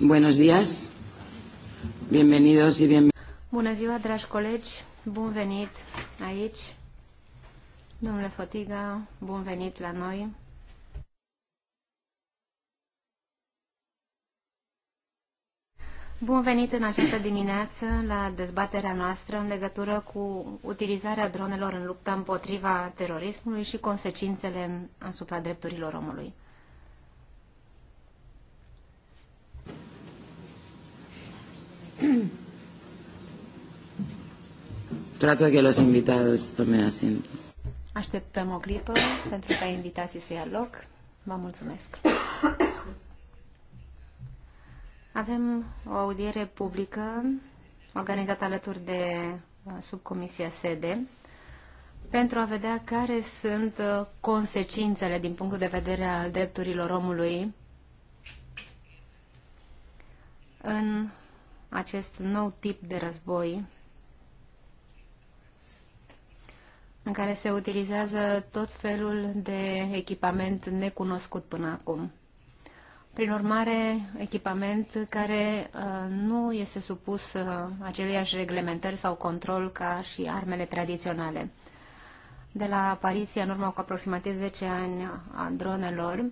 Buenos días. Bienvenidos y bien... Bună ziua, dragi colegi. Bun venit aici. Domnule Fotiga, bun venit la noi. Bun venit în această dimineață la dezbaterea noastră în legătură cu utilizarea dronelor în lupta împotriva terorismului și consecințele asupra drepturilor omului. Trato que los invitados tomen asiento. Așteptăm o clipă pentru ca invitații să ia loc. Vă mulțumesc. Avem o audiere publică organizată alături de uh, subcomisia sede pentru a vedea care sunt uh, consecințele din punctul de vedere al drepturilor omului în acest nou tip de război în care se utilizează tot felul de echipament necunoscut până acum. Prin urmare, echipament care uh, nu este supus uh, aceleiași reglementări sau control ca și armele tradiționale. De la apariția în urmă cu aproximativ 10 ani a dronelor,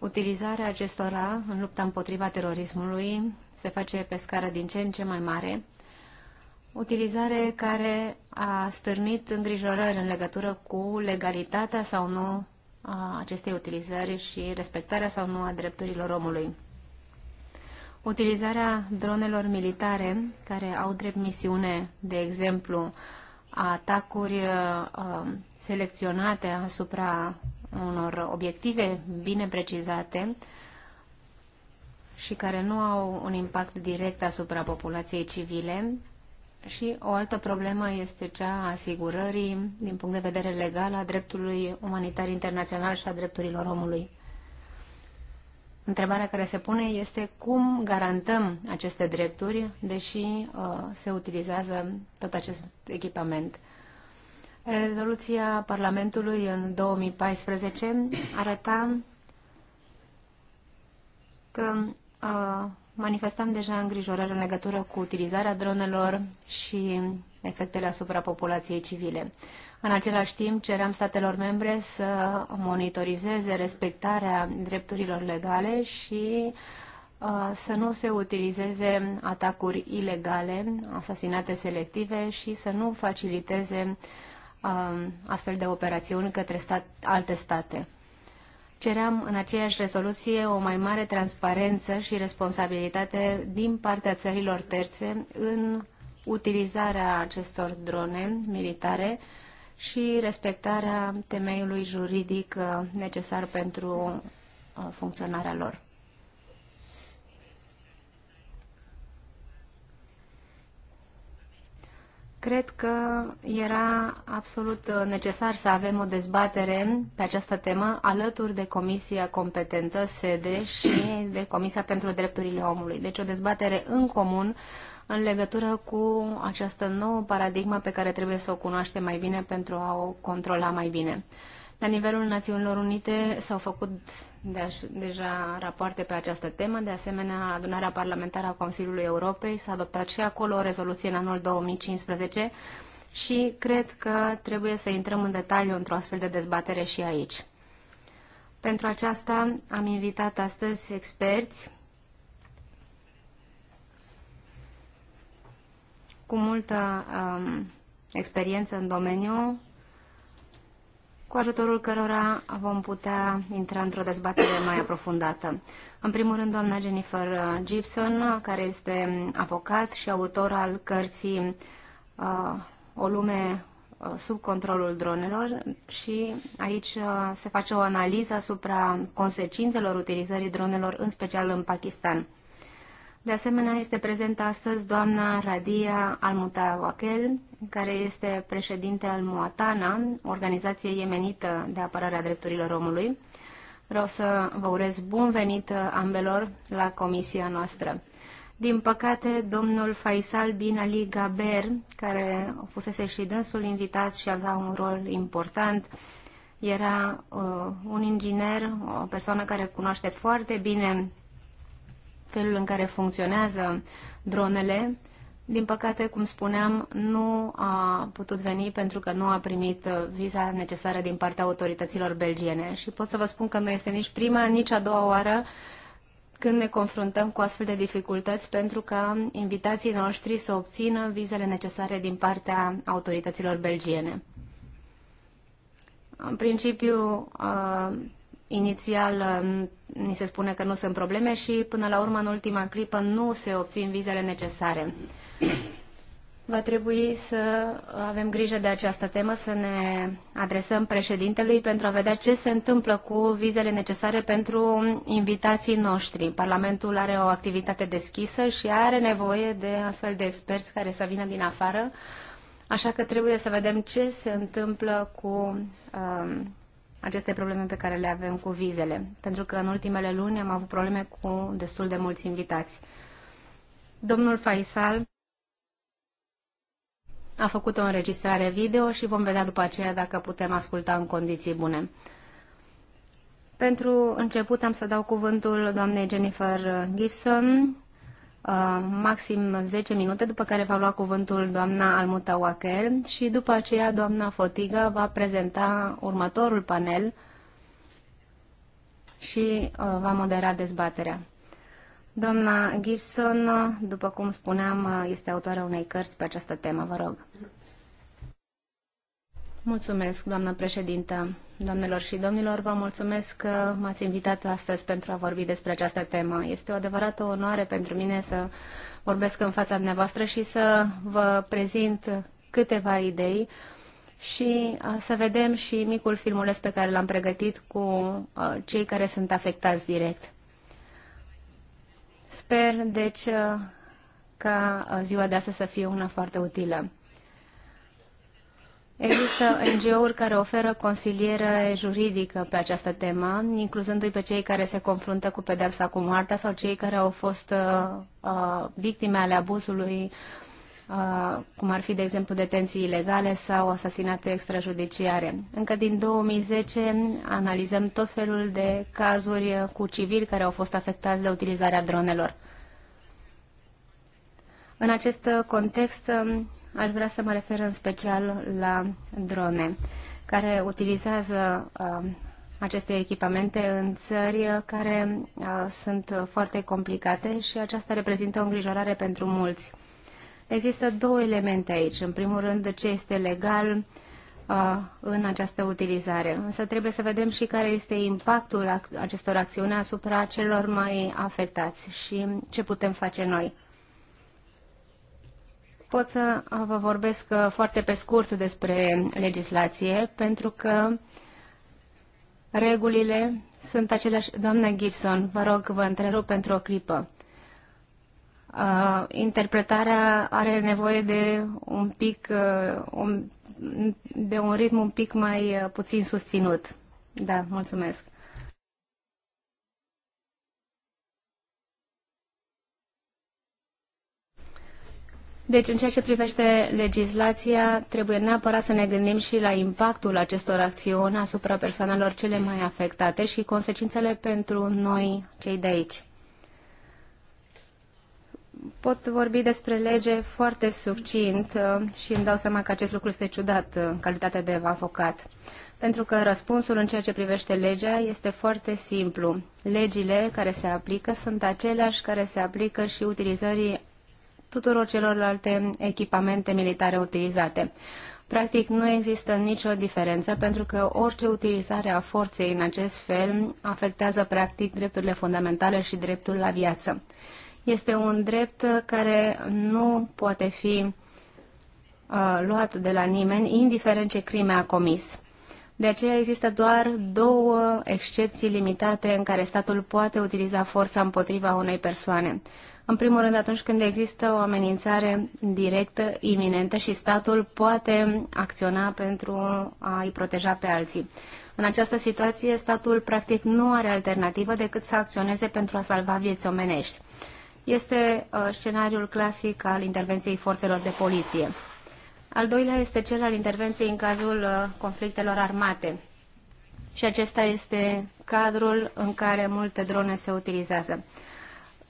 Utilizarea acestora în lupta împotriva terorismului se face pe scară din ce în ce mai mare, utilizare care a stârnit îngrijorări în legătură cu legalitatea sau nu a acestei utilizări și respectarea sau nu a drepturilor omului. Utilizarea dronelor militare, care au drept misiune, de exemplu, atacuri uh, selecționate asupra unor obiective bine precizate și care nu au un impact direct asupra populației civile. Și o altă problemă este cea a asigurării din punct de vedere legal a dreptului umanitar internațional și a drepturilor omului. Întrebarea care se pune este cum garantăm aceste drepturi, deși uh, se utilizează tot acest echipament. Rezoluția Parlamentului în 2014 arăta că uh, manifestam deja îngrijorări în legătură cu utilizarea dronelor și efectele asupra populației civile. În același timp, ceream statelor membre să monitorizeze respectarea drepturilor legale și uh, să nu se utilizeze atacuri ilegale, asasinate selective și să nu faciliteze Um, astfel de operațiuni către stat, alte state. Ceream în aceeași rezoluție o mai mare transparență și responsabilitate din partea țărilor terțe în utilizarea acestor drone militare și respectarea temeiului juridic uh, necesar pentru uh, funcționarea lor. Cred că era absolut necesar să avem o dezbatere pe această temă alături de Comisia Competentă, SEDE și de Comisia pentru Drepturile Omului. Deci o dezbatere în comun în legătură cu această nouă paradigmă pe care trebuie să o cunoaștem mai bine pentru a o controla mai bine. La nivelul Națiunilor Unite s-au făcut de deja rapoarte pe această temă. De asemenea, adunarea parlamentară a Consiliului Europei s-a adoptat și acolo o rezoluție în anul 2015 și cred că trebuie să intrăm în detaliu într-o astfel de dezbatere și aici. Pentru aceasta am invitat astăzi experți cu multă um, experiență în domeniu, cu ajutorul cărora vom putea intra într-o dezbatere mai aprofundată. În primul rând, doamna Jennifer Gibson, care este avocat și autor al cărții uh, O lume uh, sub controlul dronelor și aici uh, se face o analiză asupra consecințelor utilizării dronelor, în special în Pakistan. De asemenea, este prezentă astăzi doamna Radia Almuta Wakel, care este președinte al Muatana, organizație iemenită de apărare a drepturilor omului. Vreau să vă urez bun venit ambelor la comisia noastră. Din păcate, domnul Faisal bin Ali Gaber, care fusese și dânsul invitat și avea un rol important, era uh, un inginer, o persoană care cunoaște foarte bine felul în care funcționează dronele, din păcate, cum spuneam, nu a putut veni pentru că nu a primit viza necesară din partea autorităților belgiene. Și pot să vă spun că nu este nici prima, nici a doua oară când ne confruntăm cu astfel de dificultăți pentru ca invitații noștri să obțină vizele necesare din partea autorităților belgiene. În principiu, uh, inițial ni se spune că nu sunt probleme și până la urmă, în ultima clipă, nu se obțin vizele necesare. Va trebui să avem grijă de această temă, să ne adresăm președintelui pentru a vedea ce se întâmplă cu vizele necesare pentru invitații noștri. Parlamentul are o activitate deschisă și are nevoie de astfel de experți care să vină din afară, așa că trebuie să vedem ce se întâmplă cu Uh, aceste probleme pe care le avem cu vizele, pentru că în ultimele luni am avut probleme cu destul de mulți invitați. Domnul Faisal a făcut o înregistrare video și vom vedea după aceea dacă putem asculta în condiții bune. Pentru început am să dau cuvântul doamnei Jennifer Gibson, Uh, maxim 10 minute, după care va lua cuvântul doamna Almuta Wacker și după aceea doamna Fotiga va prezenta următorul panel și uh, va modera dezbaterea. Doamna Gibson, după cum spuneam, uh, este autoarea unei cărți pe această temă. Vă rog. Mulțumesc, doamnă președintă doamnelor și domnilor. Vă mulțumesc că m-ați invitat astăzi pentru a vorbi despre această temă. Este o adevărată onoare pentru mine să vorbesc în fața dumneavoastră și să vă prezint câteva idei și să vedem și micul filmuleț pe care l-am pregătit cu cei care sunt afectați direct. Sper, deci, ca ziua de astăzi să fie una foarte utilă. Există NGO-uri care oferă consiliere juridică pe această temă, incluzându-i pe cei care se confruntă cu pedepsa cu moartea sau cei care au fost uh, uh, victime ale abuzului, uh, cum ar fi, de exemplu, detenții ilegale sau asasinate extrajudiciare. Încă din 2010 analizăm tot felul de cazuri uh, cu civili care au fost afectați de utilizarea dronelor. În acest uh, context, um, aș vrea să mă refer în special la drone, care utilizează uh, aceste echipamente în țări care uh, sunt foarte complicate și aceasta reprezintă o îngrijorare pentru mulți. Există două elemente aici. În primul rând, ce este legal uh, în această utilizare. Însă trebuie să vedem și care este impactul acestor acțiuni asupra celor mai afectați și ce putem face noi pot să vă vorbesc uh, foarte pe scurt despre legislație, pentru că regulile sunt aceleași. Doamna Gibson, vă rog, vă întrerup pentru o clipă. Uh, interpretarea are nevoie de un pic, uh, un, de un ritm un pic mai uh, puțin susținut. Da, mulțumesc. Deci, în ceea ce privește legislația, trebuie neapărat să ne gândim și la impactul acestor acțiuni asupra persoanelor cele mai afectate și consecințele pentru noi, cei de aici. Pot vorbi despre lege foarte succint uh, și îmi dau seama că acest lucru este ciudat uh, în calitate de avocat. Pentru că răspunsul în ceea ce privește legea este foarte simplu. Legile care se aplică sunt aceleași care se aplică și utilizării tuturor celorlalte echipamente militare utilizate. Practic, nu există nicio diferență pentru că orice utilizare a forței în acest fel afectează practic drepturile fundamentale și dreptul la viață. Este un drept care nu poate fi uh, luat de la nimeni, indiferent ce crime a comis. De aceea există doar două excepții limitate în care statul poate utiliza forța împotriva unei persoane. În primul rând, atunci când există o amenințare directă, iminentă și statul poate acționa pentru a-i proteja pe alții. În această situație, statul practic nu are alternativă decât să acționeze pentru a salva vieți omenești. Este uh, scenariul clasic al intervenției forțelor de poliție. Al doilea este cel al intervenției în cazul uh, conflictelor armate. Și acesta este cadrul în care multe drone se utilizează.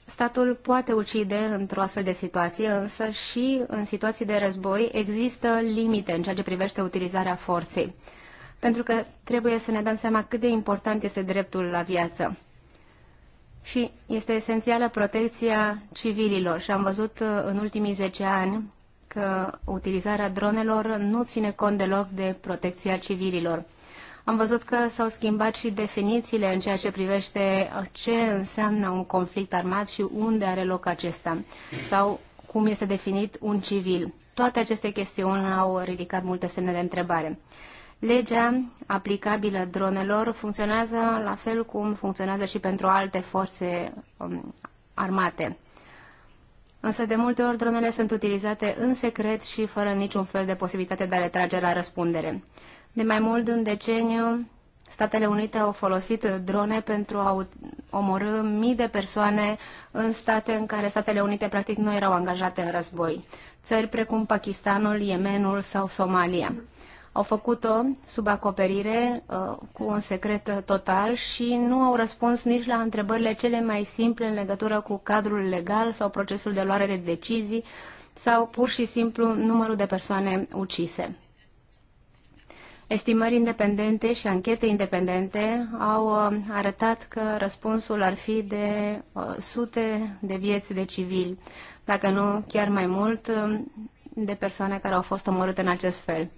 Statul poate ucide într-o astfel de situație, însă și în situații de război există limite în ceea ce privește utilizarea forței. Pentru că trebuie să ne dăm seama cât de important este dreptul la viață. Și este esențială protecția civililor. Și am văzut uh, în ultimii 10 ani că utilizarea dronelor nu ține cont deloc de protecția civililor. Am văzut că s-au schimbat și definițiile în ceea ce privește ce înseamnă un conflict armat și unde are loc acesta, sau cum este definit un civil. Toate aceste chestiuni au ridicat multe semne de întrebare. Legea aplicabilă dronelor funcționează la fel cum funcționează și pentru alte forțe um, armate. Însă de multe ori dronele sunt utilizate în secret și fără niciun fel de posibilitate de a le trage la răspundere. De mai mult de un deceniu, Statele Unite au folosit drone pentru a omorâ mii de persoane în state în care Statele Unite practic nu erau angajate în război, țări precum Pakistanul, Yemenul sau Somalia. Au făcut-o sub acoperire, uh, cu un secret total și nu au răspuns nici la întrebările cele mai simple în legătură cu cadrul legal sau procesul de luare de decizii sau pur și simplu numărul de persoane ucise. Estimări independente și anchete independente au uh, arătat că răspunsul ar fi de uh, sute de vieți de civili, dacă nu chiar mai mult de persoane care au fost omorâte în acest fel.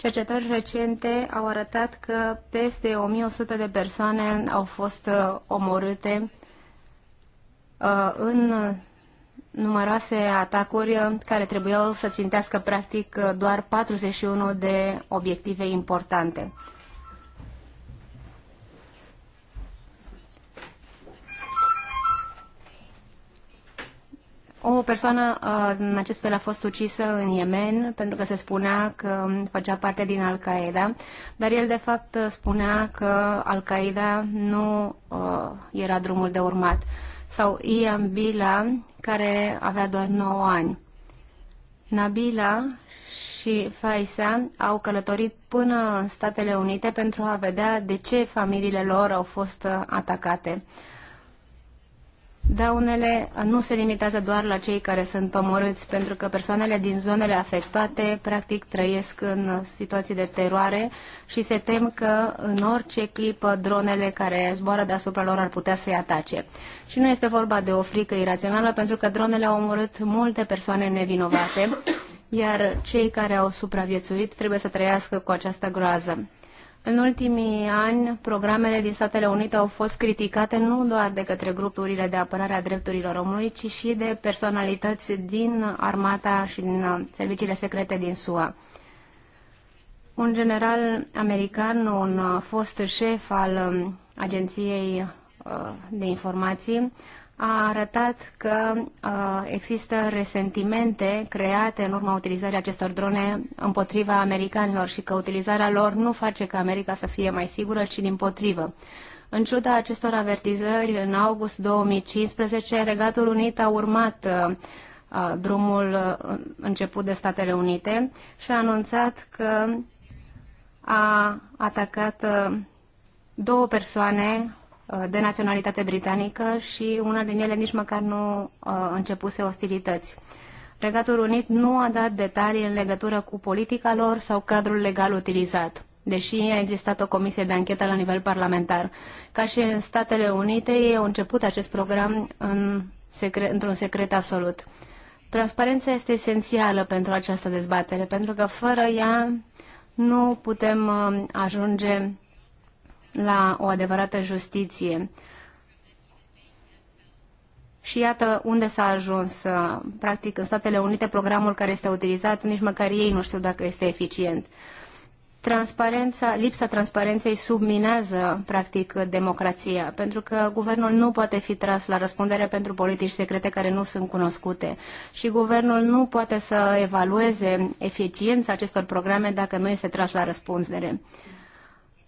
Cercetări recente au arătat că peste 1100 de persoane au fost uh, omorâte uh, în numeroase atacuri uh, care trebuiau să țintească practic doar 41 de obiective importante. O persoană uh, în acest fel a fost ucisă în Yemen pentru că se spunea că făcea parte din Al-Qaeda, dar el de fapt spunea că Al-Qaeda nu uh, era drumul de urmat. Sau Ian Bila, care avea doar 9 ani. Nabila și Faisa au călătorit până în Statele Unite pentru a vedea de ce familiile lor au fost uh, atacate. Daunele uh, nu se limitează doar la cei care sunt omorâți, pentru că persoanele din zonele afectate practic trăiesc în uh, situații de teroare și se tem că în orice clipă dronele care zboară deasupra lor ar putea să-i atace. Și nu este vorba de o frică irațională, pentru că dronele au omorât multe persoane nevinovate, iar cei care au supraviețuit trebuie să trăiască cu această groază. În ultimii ani, programele din Statele Unite au fost criticate nu doar de către grupurile de apărare a drepturilor omului, ci și de personalități din armata și din uh, serviciile secrete din SUA. Un general american, un uh, fost șef al um, Agenției uh, de Informații, a arătat că uh, există resentimente create în urma utilizării acestor drone împotriva americanilor și că utilizarea lor nu face ca America să fie mai sigură, ci din potrivă. În ciuda acestor avertizări, în august 2015, Regatul Unit a urmat uh, uh, drumul început de Statele Unite și a anunțat că a atacat două persoane Uh, de naționalitate britanică și una din ele nici măcar nu uh, începuse ostilități. Regatul Unit nu a dat detalii în legătură cu politica lor sau cadrul legal utilizat, deși a existat o comisie de anchetă la nivel parlamentar. Ca și în Statele Unite, ei au început acest program în secre- într-un secret absolut. Transparența este esențială pentru această dezbatere, pentru că fără ea nu putem uh, ajunge la o adevărată justiție. Și iată unde s-a ajuns. Uh, practic, în Statele Unite, programul care este utilizat, nici măcar ei nu știu dacă este eficient. Transparența, lipsa transparenței subminează, practic, democrația, pentru că guvernul nu poate fi tras la răspundere pentru politici secrete care nu sunt cunoscute și guvernul nu poate să evalueze eficiența acestor programe dacă nu este tras la răspundere. Uh,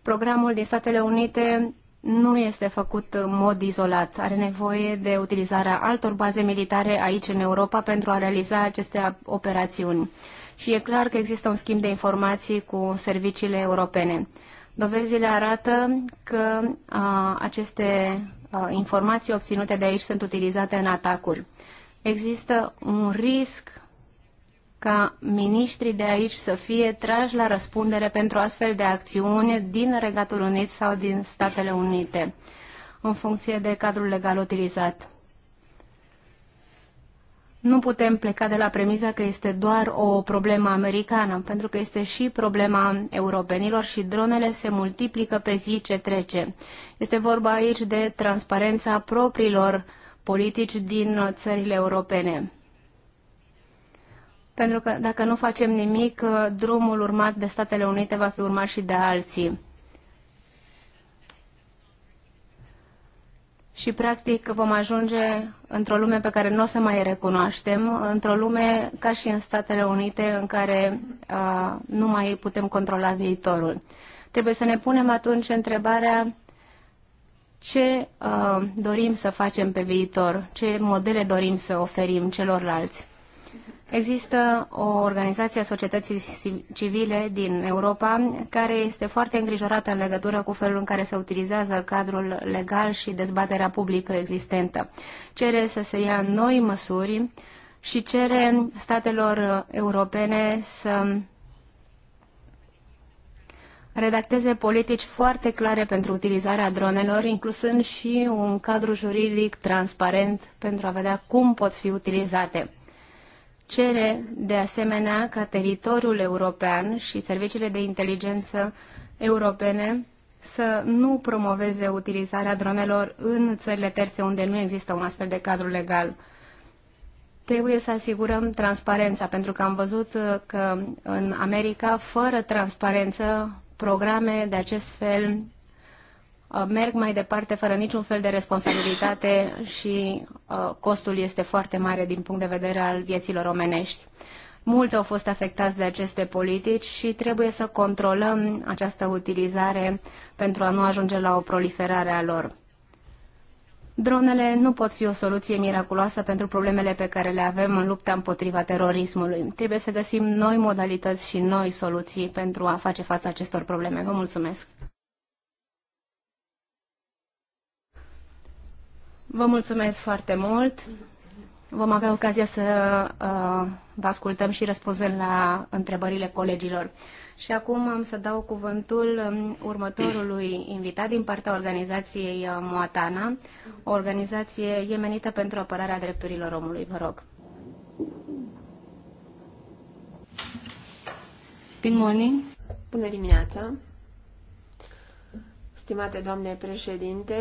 Programul din Statele Unite nu este făcut în mod izolat. Are nevoie de utilizarea altor baze militare aici în Europa pentru a realiza aceste operațiuni. Și e clar că există un schimb de informații cu serviciile europene. Dovezile arată că a, aceste a, informații obținute de aici sunt utilizate în atacuri. Există un risc ca miniștrii de aici să fie trași la răspundere pentru astfel de acțiuni din Regatul Unit sau din Statele Unite, în funcție de cadrul legal utilizat. Nu putem pleca de la premiza că este doar o problemă americană, pentru că este și problema europenilor și dronele se multiplică pe zi ce trece. Este vorba aici de transparența propriilor politici din țările europene pentru că dacă nu facem nimic, uh, drumul urmat de Statele Unite va fi urmat și de alții. Și, practic, vom ajunge într-o lume pe care nu o să mai recunoaștem, într-o lume ca și în Statele Unite, în care a, uh, nu mai putem controla viitorul. Trebuie să ne punem atunci întrebarea ce a, uh, dorim să facem pe viitor, ce modele dorim să oferim celorlalți. Există o organizație a societății civile din Europa care este foarte îngrijorată în legătură cu felul în care se utilizează cadrul legal și dezbaterea publică existentă. Cere să se ia noi măsuri și cere statelor europene să redacteze politici foarte clare pentru utilizarea dronelor, inclusând și un cadru juridic transparent pentru a vedea cum pot fi utilizate cere de asemenea ca teritoriul european și serviciile de inteligență europene să nu promoveze utilizarea dronelor în țările terțe unde nu există un astfel de cadru legal. Trebuie să asigurăm transparența, pentru că am văzut uh, că în America, fără transparență, programe de acest fel Uh, merg mai departe fără niciun fel de responsabilitate și uh, costul este foarte mare din punct de vedere al vieților omenești. Mulți au fost afectați de aceste politici și trebuie să controlăm această utilizare pentru a nu ajunge la o proliferare a lor. Dronele nu pot fi o soluție miraculoasă pentru problemele pe care le avem în lupta împotriva terorismului. Trebuie să găsim noi modalități și noi soluții pentru a face față acestor probleme. Vă mulțumesc! Vă mulțumesc foarte mult. Vom avea ocazia să uh, vă ascultăm și răspunzând la întrebările colegilor. Și acum am să dau cuvântul um, următorului invitat din partea organizației uh, Moatana, o organizație iemenită pentru apărarea drepturilor omului. Vă rog. Good morning. Bună dimineața. Stimate doamne președinte,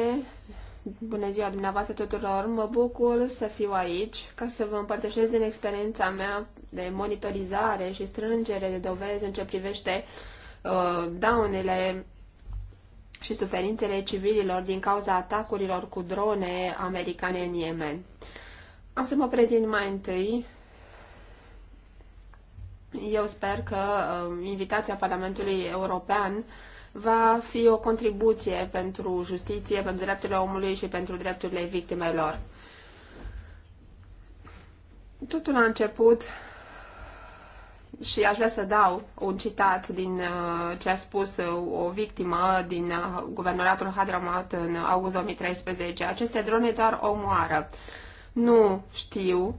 Bună ziua dumneavoastră tuturor! Mă bucur să fiu aici ca să vă împărtășesc din experiența mea de monitorizare și strângere de dovezi în ce privește uh, daunele și suferințele civililor din cauza atacurilor cu drone americane în Yemen. Am să mă prezint mai întâi. Eu sper că uh, invitația Parlamentului European uh, va fi o contribuție pentru justiție, pentru drepturile omului și pentru drepturile victimelor. Totul a început și aș vrea să dau un citat din uh, ce a spus uh, o victimă din uh, guvernoratul Hadramat în august 2013. Aceste drone doar omoară. Nu știu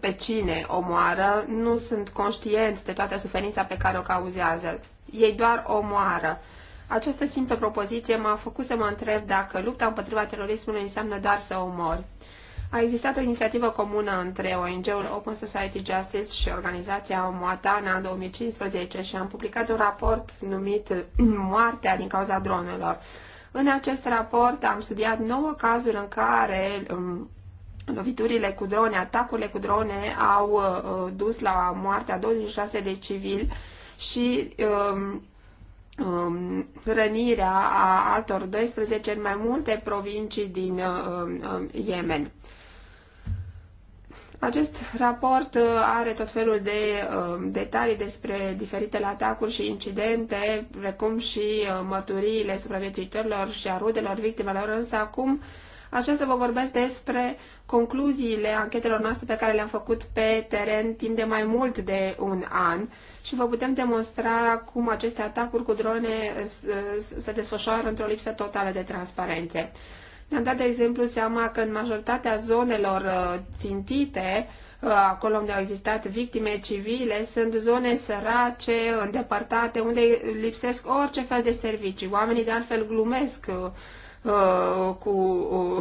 pe cine omoară, nu sunt conștienți de toată suferința pe care o cauzează ei doar omoară. Această simplă propoziție m-a făcut să mă întreb dacă lupta împotriva terorismului înseamnă doar să omori. A existat o inițiativă comună între ONG-ul Open Society Justice și organizația Moatana în 2015 și am publicat un raport numit Moartea din cauza dronelor. În acest raport am studiat nouă cazuri în care um, loviturile cu drone, atacurile cu drone au uh, uh, dus la moartea 26 de civili și um, um, rănirea a altor 12 în mai multe provincii din uh, um, um, Yemen. Acest raport uh, are tot felul de um, detalii despre diferitele atacuri și incidente, precum și uh, mărturiile supraviețuitorilor și a rudelor victimelor, însă acum uh, Așa să vă vorbesc despre concluziile anchetelor noastre pe care le-am făcut pe teren timp de mai mult de un an și vă putem demonstra cum aceste atacuri cu drone se desfășoară într-o lipsă totală de transparențe. Ne-am dat, de exemplu, seama că în majoritatea zonelor uh, țintite, uh, acolo unde au existat victime civile, sunt zone sărace, îndepărtate, unde lipsesc orice fel de servicii. Oamenii de altfel glumesc uh, Uh, cu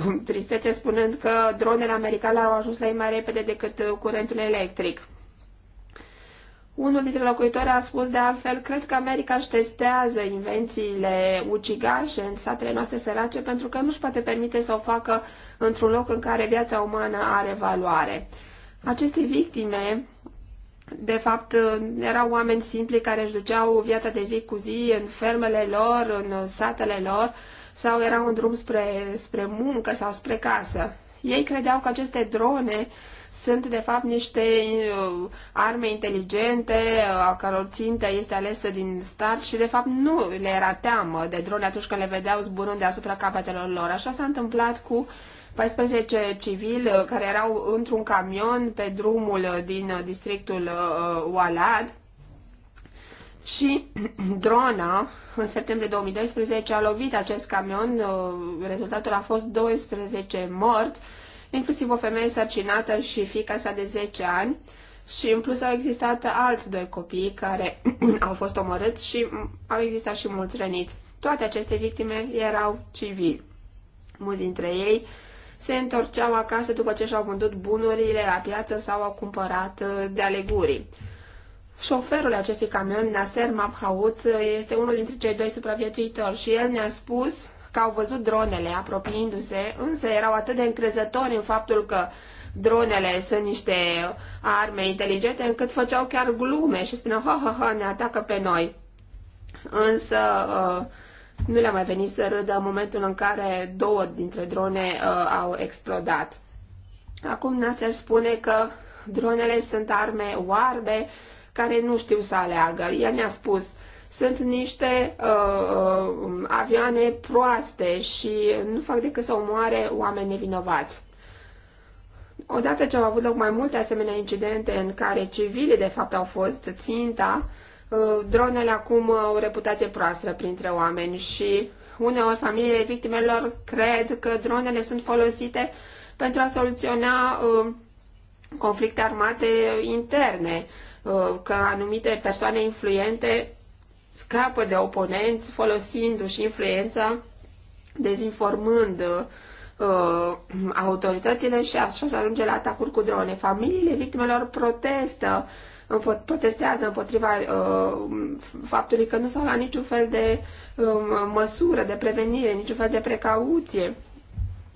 uh, tristețe spunând că dronele americane au ajuns la ei mai repede decât uh, curentul electric. Unul dintre locuitori a spus de altfel, cred că America își testează invențiile ucigașe în satele noastre sărace pentru că nu-și poate permite să o facă într-un loc în care viața umană are valoare. Aceste victime, de fapt, erau oameni simpli care își duceau viața de zi cu zi în fermele lor, în satele lor, sau erau în drum spre, spre muncă sau spre casă. Ei credeau că aceste drone sunt de fapt niște uh, arme inteligente uh, a căror țintă este alesă din start și de fapt nu le era teamă de drone atunci când le vedeau zburând deasupra capetelor lor. Așa s-a întâmplat cu 14 civili uh, care erau într-un camion pe drumul din districtul Walad și drona, în septembrie 2012, a lovit acest camion. Uh, rezultatul a fost 12 morți, inclusiv o femeie sarcinată și fica sa de 10 ani. Și în plus au existat alți doi copii care au fost omorâți și au existat și mulți răniți. Toate aceste victime erau civili. Mulți dintre ei se întorceau acasă după ce și-au vândut bunurile la piață sau au cumpărat uh, de aleguri. Șoferul acestui camion, Nasser Mabhaut, este unul dintre cei doi supraviețuitori și el ne-a spus că au văzut dronele apropiindu-se, însă erau atât de încrezători în faptul că dronele sunt niște arme inteligente, încât făceau chiar glume și spuneau, ha, ha, ha, ne atacă pe noi. Însă uh, nu le-a mai venit să râdă în momentul în care două dintre drone uh, au explodat. Acum Nasser spune că dronele sunt arme oarbe, care nu știu să aleagă. El ne-a spus, sunt niște uh, uh, avioane proaste și nu fac decât să omoare oameni nevinovați. Odată ce au avut loc mai multe asemenea incidente în care civile de fapt au fost ținta, uh, dronele acum au o reputație proastă printre oameni și uneori familiile victimelor cred că dronele sunt folosite pentru a soluționa uh, conflicte armate interne Uh, că anumite persoane influente scapă de oponenți folosindu-și influența, dezinformând uh, uh, autoritățile și așa se ajunge la atacuri cu drone. Familiile victimelor protestă, protestează împotriva faptului că nu s-au luat niciun fel de um, măsură de prevenire, niciun fel de precauție.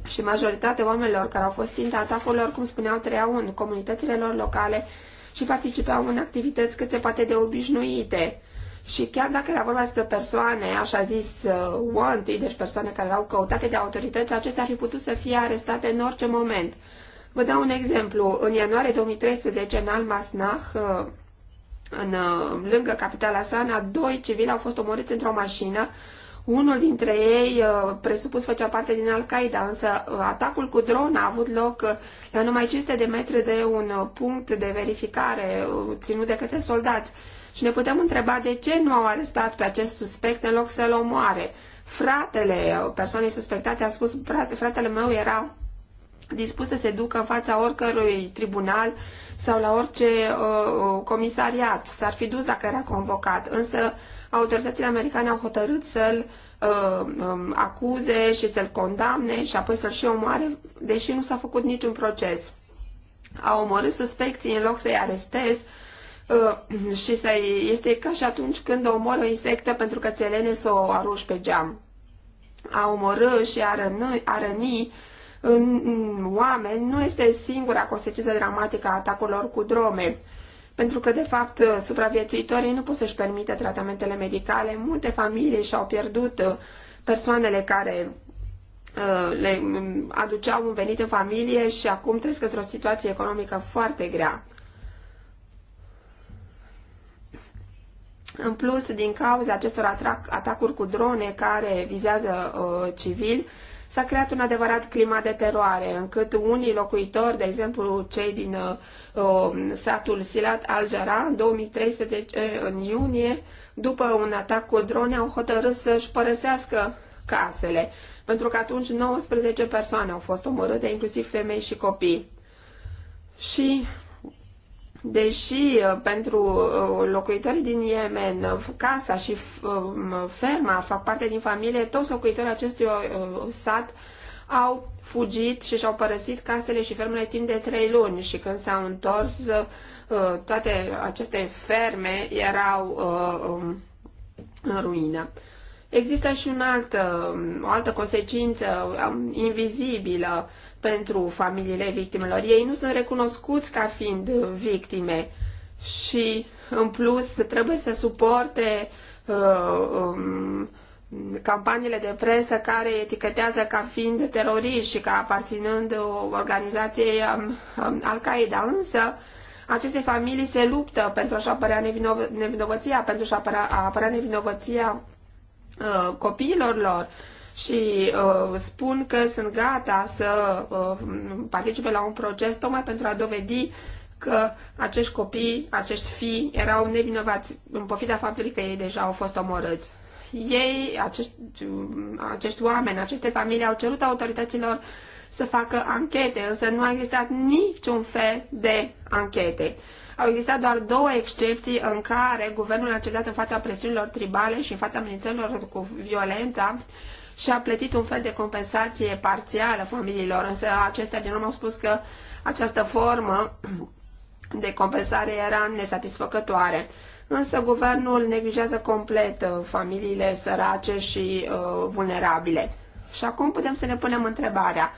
Și majoritatea oamenilor care au fost ținte atacurilor, cum spuneau, trăiau în comunitățile lor locale și participau în activități cât se poate de obișnuite. Și chiar dacă era vorba despre persoane, așa zis, uh, wanted, deci persoane care erau căutate de autorități, acestea ar fi putut să fie arestate în orice moment. Vă dau un exemplu. În ianuarie 2013, în Almasnah, uh, în, uh, lângă capitala sa, doi civili au fost omorâți într-o mașină unul dintre ei, uh, presupus, făcea parte din Al-Qaeda, însă uh, atacul cu dron a avut loc uh, la numai 500 de metri de un punct de verificare ținut de către soldați. Și ne putem întreba de ce nu au arestat pe acest suspect în loc să-l omoare. Fratele persoanei suspectate a spus, fratele meu era dispus să se ducă în fața oricărui tribunal sau la orice uh, comisariat. S-ar fi dus dacă era convocat, însă uh, autoritățile americane au hotărât să-l uh, um, acuze și să-l condamne și apoi să-l și omoare, deși nu s-a făcut niciun proces. A omorât suspecții în loc să-i arestez uh, și să este ca și atunci când omoră o insectă pentru că țelene să o arunci pe geam. A omorâ și a răni, a răni în, în oameni nu este singura consecință dramatică a atacurilor cu drome pentru că, de fapt, supraviețuitorii nu pot să-și permită tratamentele medicale. Multe familii și-au pierdut uh, persoanele care uh, le mm, aduceau un venit în familie și acum trăiesc într-o situație economică foarte grea. În plus, din cauza acestor atacuri cu drone care vizează uh, civili, s-a creat un adevărat climat de teroare, încât unii locuitori, de exemplu cei din uh, um, satul Silat Algera, în 2013, uh, în iunie, după un atac cu drone, au hotărât să-și părăsească casele, pentru că atunci 19 persoane au fost omorâte, inclusiv femei și copii. Și deși uh, pentru uh, locuitorii din Yemen uh, casa și um, ferma fac parte din familie, toți locuitorii acestui sat au fugit și și-au părăsit casele și fermele timp de trei luni și când s-au întors, toate aceste ferme erau um, în ruină. Există și un alt, o altă consecință um, invizibilă pentru familiile victimelor. Ei nu sunt recunoscuți ca fiind victime și, în plus, trebuie să suporte uh, um, campaniile de presă care etichetează ca fiind teroriști și ca aparținând organizației um, um, Al-Qaeda. Însă, aceste familii se luptă pentru a-și apărea nevinovăția, pentru a-și apărea, a apărea nevinovăția uh, copiilor lor și uh, spun că sunt gata să uh, participe la un proces tocmai pentru a dovedi că acești copii, acești fii, erau nevinovați în pofida faptului că ei deja au fost omorâți. Ei, acești, uh, acești oameni, aceste familii au cerut autorităților să facă anchete, însă nu a existat niciun fel de anchete. Au existat doar două excepții în care guvernul a cedat în fața presiunilor tribale și în fața amenințărilor cu violența și a plătit un fel de compensație parțială familiilor, însă acestea din urmă au spus că această formă de compensare era nesatisfăcătoare. Însă guvernul neglijează complet uh, familiile sărace și uh, vulnerabile. Și acum putem să ne punem întrebarea.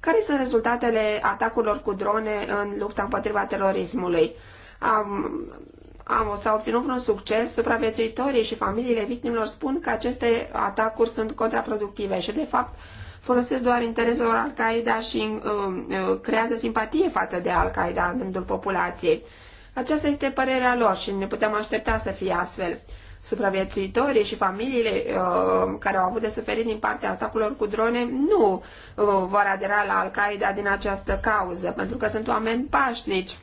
Care sunt rezultatele atacurilor cu drone în lupta împotriva terorismului? Um, am, s-a obținut un succes, supraviețuitorii și familiile victimelor spun că aceste atacuri sunt contraproductive și, de fapt, folosesc doar interesul Al-Qaeda și uh, creează simpatie față de Al-Qaeda în rândul populației. Aceasta este părerea lor și ne putem aștepta să fie astfel. Supraviețuitorii și familiile uh, care au avut de suferit din partea atacurilor cu drone nu uh, vor adera la Al-Qaeda din această cauză, pentru că sunt oameni pașnici.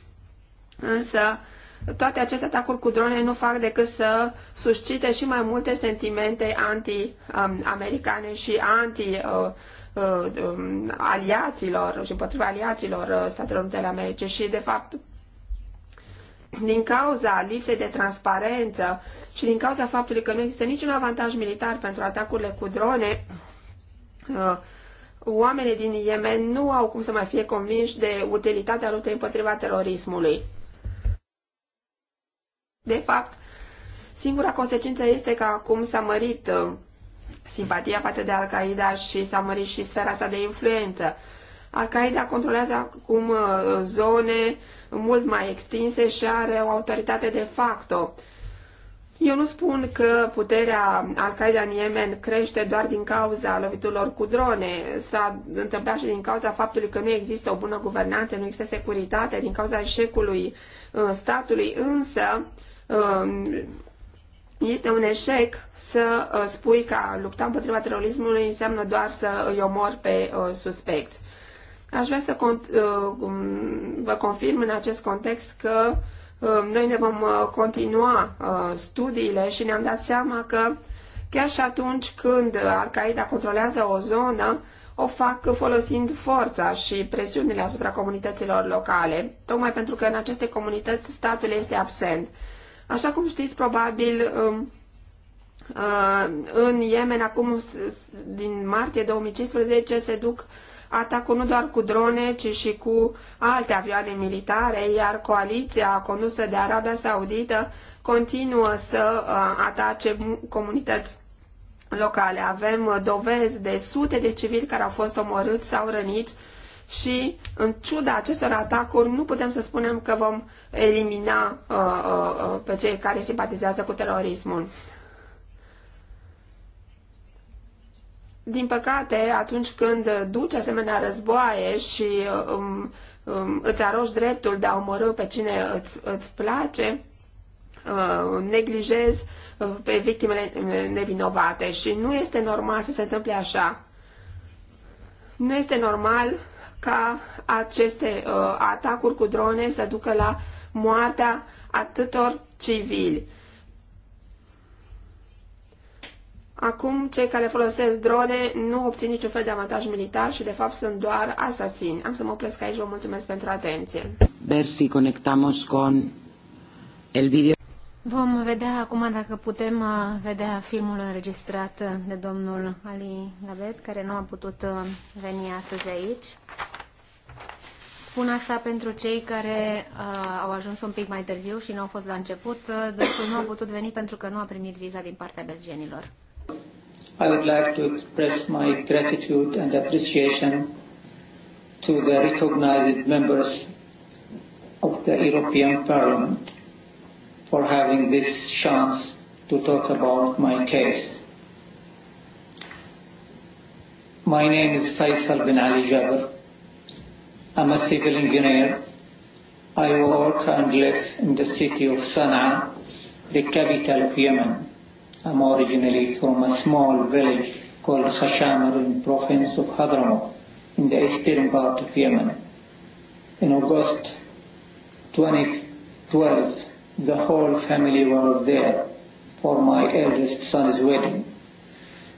Însă, uh, toate aceste atacuri cu drone nu fac decât să suscite și mai multe sentimente anti-americane um, și anti- uh, uh, um, aliaților și împotriva aliaților uh, Statelor Unite ale Americii și, de fapt, din cauza lipsei de transparență și din cauza faptului că nu există niciun avantaj militar pentru atacurile cu drone, oamenii din Yemen nu au cum să mai fie convinși de utilitatea luptei împotriva terorismului. De fapt, singura consecință este că acum s-a mărit uh, simpatia față de Al-Qaeda și s-a mărit și sfera sa de influență. Al-Qaeda controlează acum uh, zone mult mai extinse și are o autoritate de facto. Eu nu spun că puterea Al-Qaeda în Yemen crește doar din cauza loviturilor cu drone. S-a întâmplat și din cauza faptului că nu există o bună guvernanță, nu există securitate, din cauza eșecului uh, statului, însă Um, este un eșec să uh, spui că a lupta împotriva terorismului înseamnă doar să îi omor pe uh, suspecți. Aș vrea să uh, um, vă confirm în acest context că um, noi ne vom continua studiile și ne-am dat seama că chiar și atunci când Al-Qaeda controlează o zonă, o fac folosind forța și presiunile asupra comunităților locale, tocmai pentru că în aceste comunități statul este absent. Așa cum știți, probabil, um, uh, în Yemen, acum, din martie 2015, se duc atacul nu doar cu drone, ci și cu alte avioane militare, iar coaliția condusă de Arabia Saudită continuă să uh, atace comunități locale. Avem uh, dovezi de sute de civili care au fost omorâți sau răniți și, în ciuda acestor atacuri, nu putem să spunem că vom elimina uh, uh, uh pe cei care simpatizează cu terorismul. Din păcate, atunci când duci asemenea războaie și uh, um, um, îți aroși dreptul de a omorâ pe cine îți, îți place, uh, neglijezi uh, pe victimele nevinovate și nu este normal să se întâmple așa. Nu este normal ca aceste uh, atacuri cu drone să ducă la moartea atâtor civili. Acum, cei care folosesc drone nu obțin niciun fel de avantaj militar și, de fapt, sunt doar asasini. Am să mă opresc aici. Vă mulțumesc pentru atenție. Ver conectamos con el video. Vom vedea acum dacă putem uh, vedea filmul înregistrat uh, de domnul Ali Gabet, care nu a putut uh, veni astăzi aici. Spun asta pentru cei care uh, au ajuns un pic mai târziu și nu au fost la început, dar nu au putut veni pentru că nu a primit viza din partea belgenilor. I would like to express my gratitude and appreciation to the recognized members of the European Parliament for having this chance to talk about my case. My name is Faisal bin Ali Jabr. I'm a civil engineer. I work and live in the city of Sana'a, the capital of Yemen. I'm originally from a small village called Khashamar in province of Hadramaut in the eastern part of Yemen. In August 2012, the whole family were there for my eldest son's wedding.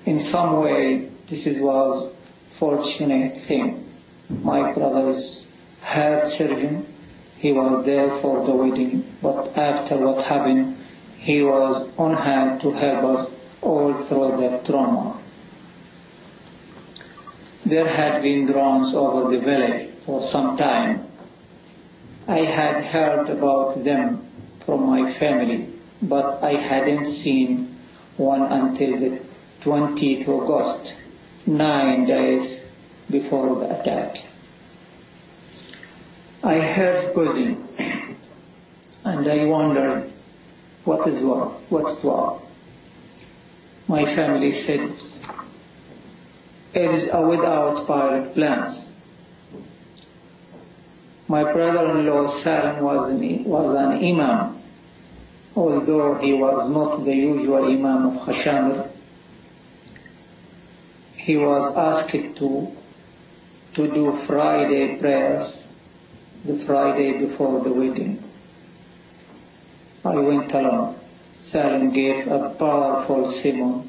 In some way, this is was fortunate thing. My brother's heart surgeon, he was there for the wedding, but after what happened, he was on hand to help us all through that trauma. There had been drones over the village for some time. I had heard about them from my family, but I hadn't seen one until the 20th August, nine days before the attack. I heard buzzing and I wondered what is wrong, what's wrong. My family said, it is a without pilot plans. My brother-in-law Salim was an, was an imam although he was not the usual Imam of Khashamir, he was asked to to do Friday prayers the Friday before the wedding. I went along. Salim gave a powerful sermon,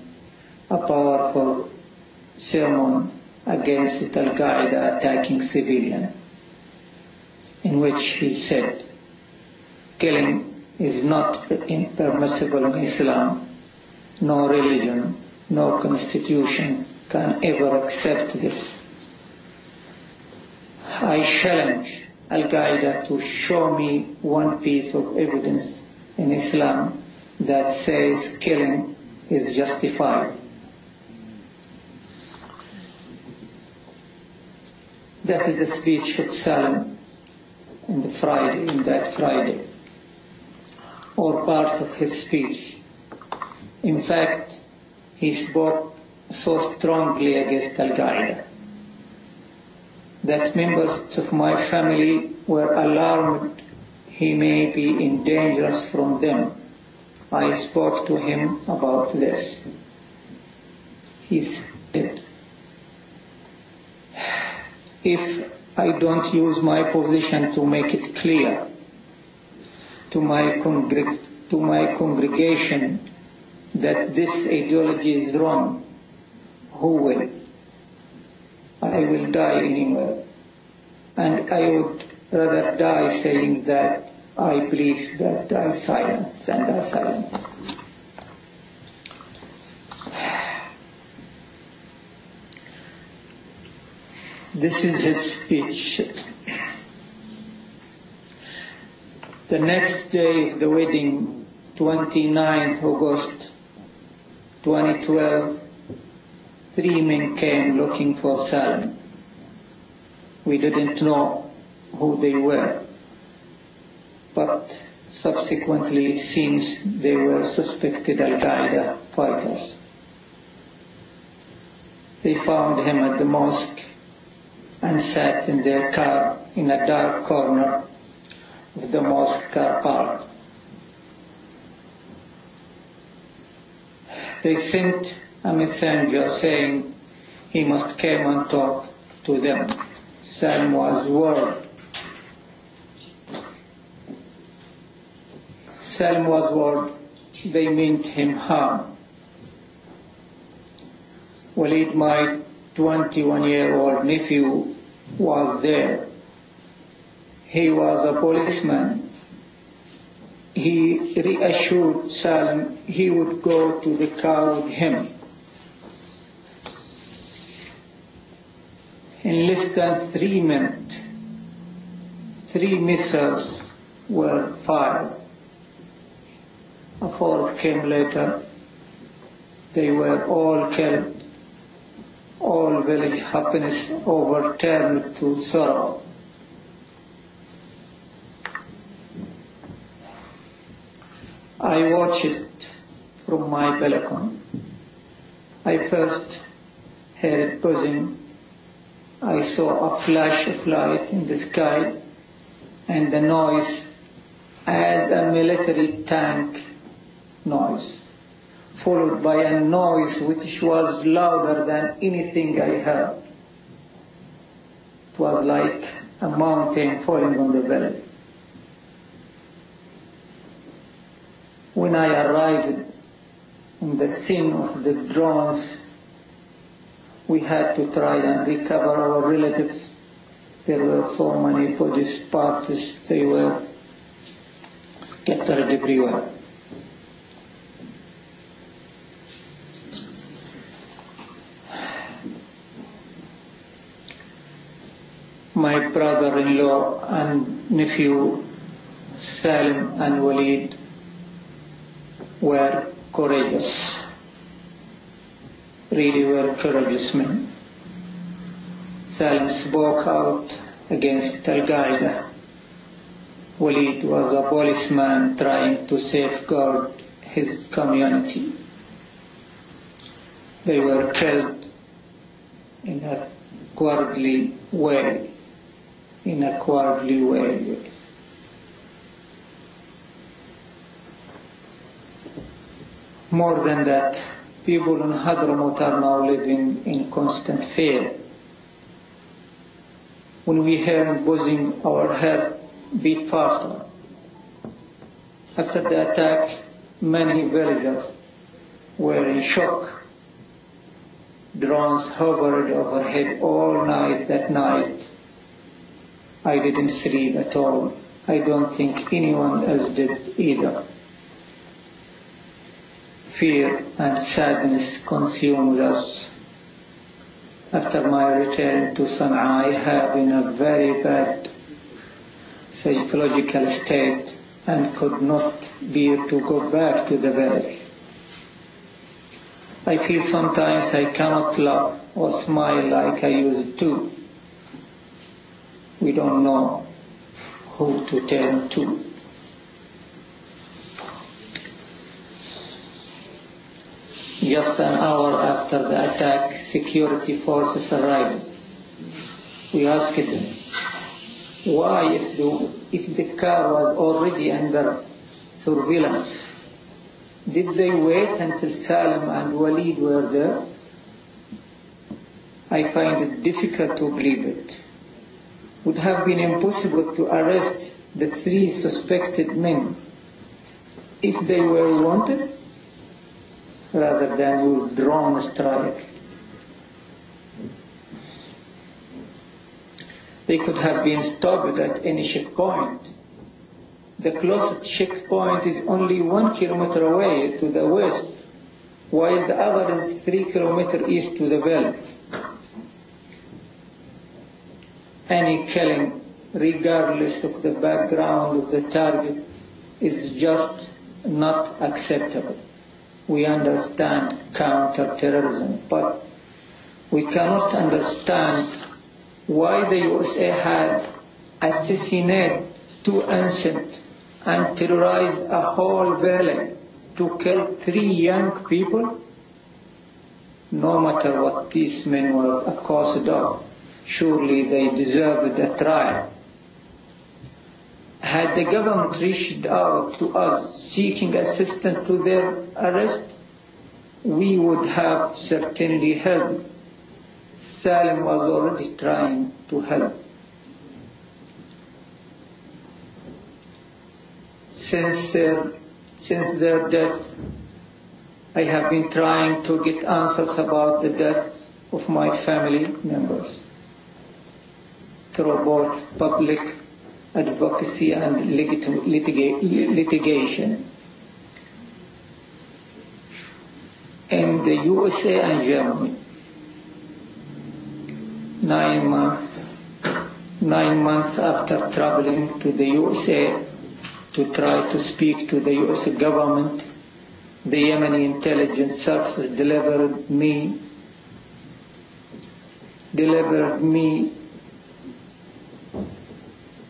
a powerful sermon against Al-Qaeda attacking civilians, in which he said, killing is not impermissible in Islam. No religion, no constitution can ever accept this. I challenge Al-Qaeda to show me one piece of evidence in Islam that says killing is justified. That is the speech of Salim in the Friday, in that Friday or parts of his speech. In fact, he spoke so strongly against Al Qaeda that members of my family were alarmed he may be in danger from them. I spoke to him about this. He said, if I don't use my position to make it clear, to my, congreg- to my congregation that this ideology is wrong, who will? I will die anywhere. And I would rather die saying that I believe that I silent than I silent. This is his speech The next day of the wedding, 29th August 2012, three men came looking for Salim. We didn't know who they were, but subsequently it seems they were suspected Al-Qaeda fighters. They found him at the mosque and sat in their car in a dark corner with the mosque car park. They sent a messenger saying he must come and talk to them. Sam was worried. Sam was worried they meant him harm. Walid, my 21 year old nephew, was there. He was a policeman. He reassured Salim he would go to the car with him. In less than three minutes, three missiles were fired. A fourth came later. They were all killed. All village happiness overturned to sorrow. I watched it from my balcony. I first heard it buzzing. I saw a flash of light in the sky and the noise as a military tank noise, followed by a noise which was louder than anything I heard. It was like a mountain falling on the valley. When I arrived in the scene of the drones, we had to try and recover our relatives. There were so many Buddhist parties, they were scattered everywhere. My brother-in-law and nephew Salim and Walid were courageous, really were courageous men. Salim spoke out against Al-Qaeda. Walid was a policeman trying to safeguard his community. They were killed in a cowardly way, in a cowardly way. More than that, people in Hadramaut are now living in constant fear. When we hear buzzing, our heart beat faster. After the attack, many villagers were in shock. Drones hovered overhead all night that night. I didn't sleep at all. I don't think anyone else did either fear and sadness consumed us. After my return to Sana'a, I have been a very bad psychological state and could not bear to go back to the valley. I feel sometimes I cannot laugh or smile like I used to. We don't know who to turn to. Just an hour after the attack, security forces arrived. We asked them, why if the, if the car was already under surveillance, did they wait until Salim and Walid were there? I find it difficult to believe it. Would have been impossible to arrest the three suspected men if they were wanted? rather than with drone strike. They could have been stopped at any checkpoint. The closest checkpoint is only one kilometer away to the west, while the other is three kilometers east to the belt. Any killing, regardless of the background of the target, is just not acceptable we understand counterterrorism, but we cannot understand why the USA had assassinated two innocent and terrorized a whole valley to kill three young people? No matter what these men were accused of, surely they deserved a trial Had the government reached out to us seeking assistance to their arrest, we would have certainly helped. Salim was already trying to help. Since, their, since their death, I have been trying to get answers about the death of my family members through both public advocacy and litig litigation. In the USA and Germany, nine months, nine months after traveling to the USA to try to speak to the US government, the Yemeni intelligence services delivered me, delivered me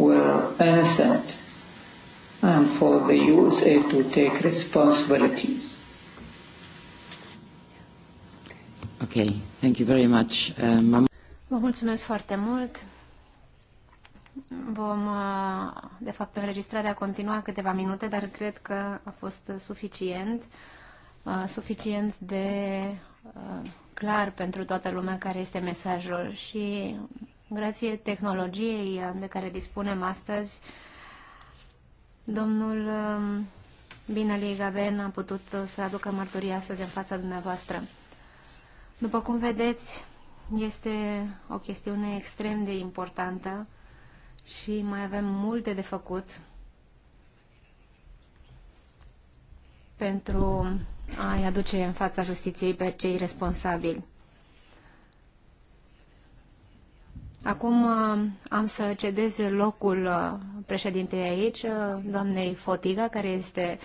were innocent and for the USA to take responsibilities. Okay, thank you very much. Um, Vă mulțumesc foarte mult. Vom, uh, de fapt, înregistrarea continua câteva minute, dar cred că a fost suficient, uh, suficient de clar pentru toată lumea care este mesajul și grație tehnologiei uh, de care dispunem astăzi, domnul um, Binali Gaben a putut uh, să aducă mărturia astăzi în fața dumneavoastră. După cum vedeți, este o chestiune extrem de importantă și mai avem multe de făcut pentru a-i aduce în fața justiției pe cei responsabili. Acum uh, am să cedez locul uh, președintei aici, uh, doamnei Fotiga, care este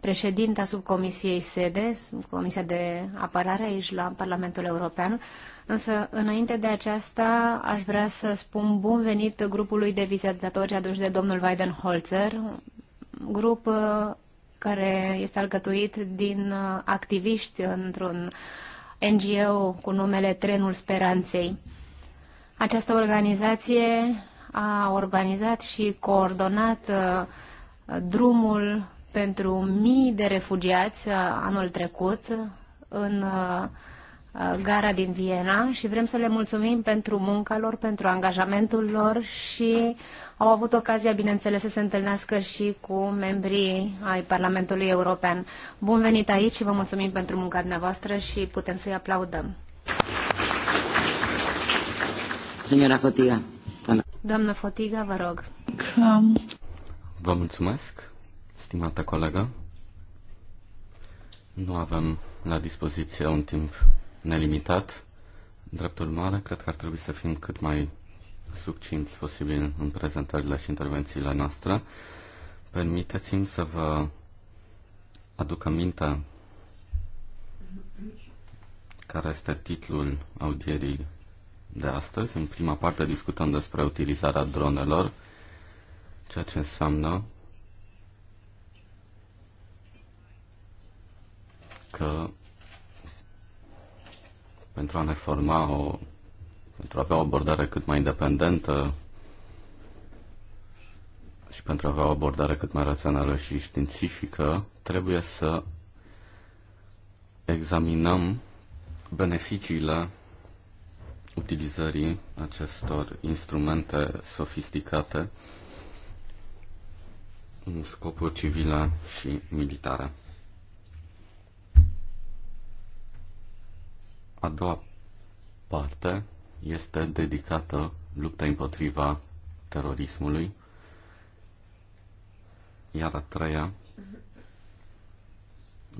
președinta subcomisiei SEDE, Comisia de Apărare aici la Parlamentul European. Însă, înainte de aceasta, aș vrea să spun bun venit grupului de vizitatori aduși de domnul Weidenholzer, grup care este alcătuit din activiști într-un NGO cu numele Trenul Speranței. Această organizație a organizat și coordonat uh, drumul pentru mii de refugiați uh, anul trecut în uh, gara din Viena și vrem să le mulțumim pentru munca lor, pentru angajamentul lor și au avut ocazia, bineînțeles, să se întâlnească și cu membrii ai Parlamentului European. Bun venit aici și vă mulțumim pentru munca dumneavoastră și putem să-i aplaudăm. Senora Fotiga. Doamnă Fotiga, vă rog. Vă mulțumesc, stimată colegă. Nu avem la dispoziție un timp nelimitat. Dreptul mare cred că ar trebui să fim cât mai succinți posibil în prezentările și intervențiile noastre. Permiteți-mi să vă aduc aminte care este titlul audierii de astăzi. În prima parte discutăm despre utilizarea dronelor, ceea ce înseamnă că pentru a ne forma o pentru a avea o abordare cât mai independentă și pentru a avea o abordare cât mai rațională și științifică, trebuie să examinăm beneficiile utilizării acestor instrumente sofisticate în scopuri civile și militare. A doua parte este dedicată lupta împotriva terorismului, iar a treia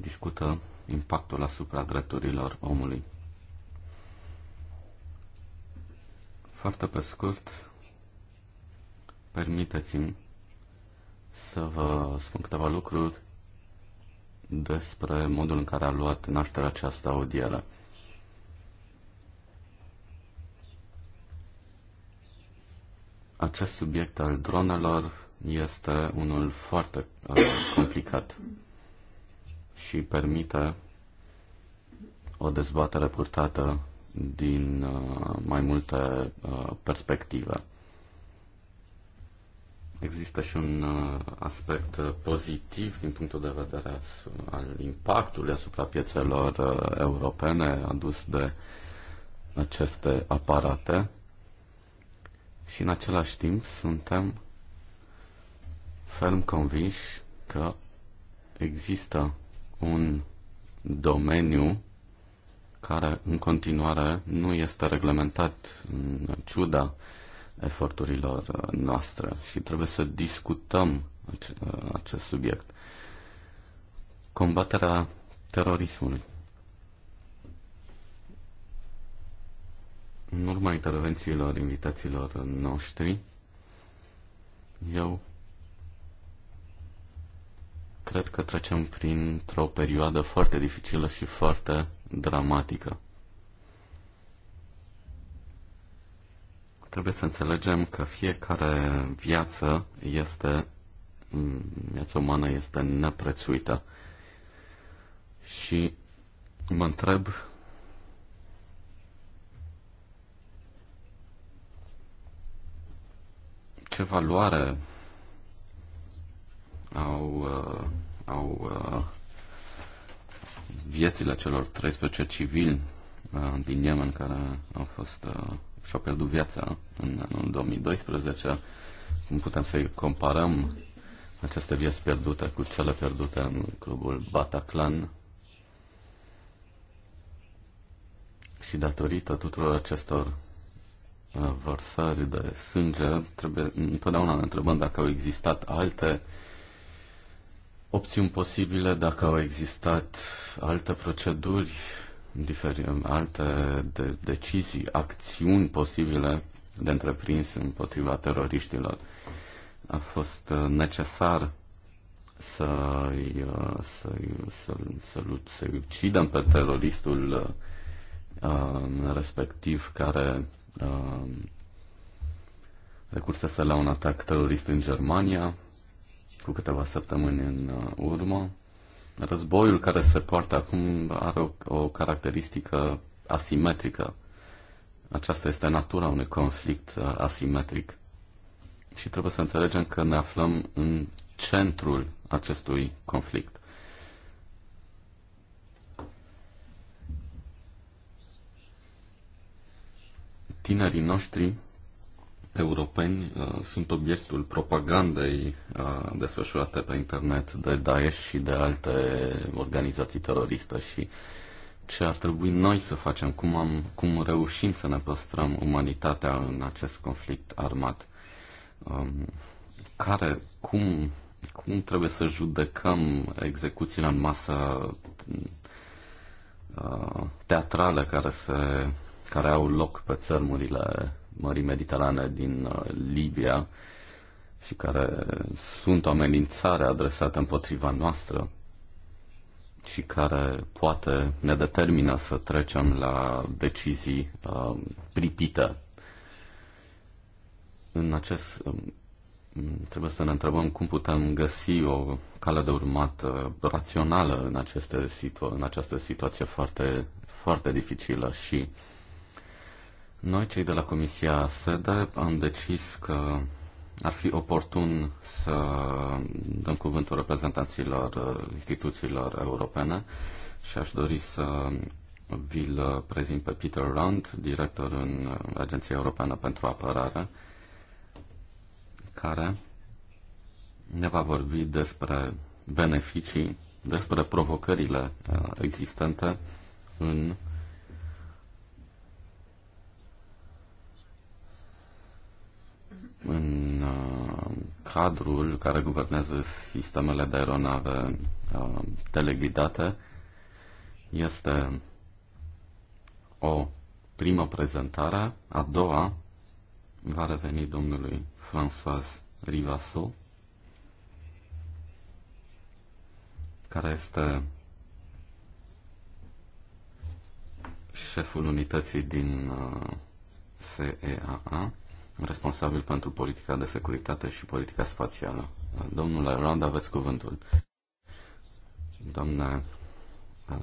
discută impactul asupra drepturilor omului. Foarte pe scurt, permiteți-mi să vă spun câteva lucruri despre modul în care a luat nașterea această audiere. Acest subiect al dronelor este unul foarte uh, complicat și permite o dezbatere purtată din uh, mai multe uh, perspective. Există și un uh, aspect pozitiv din punctul de vedere al impactului asupra piețelor europene adus de aceste aparate și în același timp suntem ferm convinși că există un domeniu care în continuare nu este reglementat în ciuda eforturilor uh, noastre și trebuie să discutăm uh, acest subiect. Combaterea terorismului. În urma intervențiilor invitațiilor noștri, eu cred că trecem printr-o perioadă foarte dificilă și foarte dramatică. Trebuie să înțelegem că fiecare viață este, mm, viața umană este neprețuită. Și mă întreb ce valoare au, uh, au uh, viețile celor 13 civili uh, din Yemen care au fost uh, și-au pierdut viața în anul 2012. Cum putem să-i comparăm aceste vieți pierdute cu cele pierdute în clubul Bataclan și datorită tuturor acestor uh, vărsări de sânge, trebuie, întotdeauna ne întrebăm dacă au existat alte opțiuni posibile dacă au existat alte proceduri, alte de decizii, acțiuni posibile de întreprins împotriva teroriștilor. A fost uh, necesar să-i, uh, să-i, să-l, să-l, să ucidem pe teroristul uh, um, respectiv care uh, recursese la un atac terorist în Germania cu câteva săptămâni în uh, urmă. Războiul care se poartă acum are o, o caracteristică asimetrică. Aceasta este natura unui conflict uh, asimetric. Și trebuie să înțelegem că ne aflăm în centrul acestui conflict. Tinerii noștri europeni uh, sunt obiectul propagandei uh, desfășurate pe internet de Daesh și de alte organizații teroriste și ce ar trebui noi să facem, cum, am, cum reușim să ne păstrăm umanitatea în acest conflict armat. Um, care, cum, cum trebuie să judecăm execuțiile în masă uh, teatrale care, se, care au loc pe țărmurile Mării Mediterane din uh, Libia și care sunt o amenințare adresată împotriva noastră și care poate ne determină să trecem la decizii uh, pripite. În acest, um, trebuie să ne întrebăm cum putem găsi o cale de urmat uh, rațională în, aceste situa- în această situație foarte, foarte dificilă și uh, noi, cei de la Comisia SEDE, am decis că ar fi oportun să dăm cuvântul reprezentanților uh, instituțiilor europene și aș dori să vi-l prezint pe Peter Rand, director în uh, Agenția Europeană pentru Apărare, care ne va vorbi despre beneficii, despre provocările uh, existente în în uh, cadrul care guvernează sistemele de aeronave uh, teleghidate este o primă prezentare, a doua va reveni domnului François Rivasso, care este șeful unității din SEAA uh, responsabil pentru politica de securitate și politica spațială. Domnule Round, aveți cuvântul. Doamne,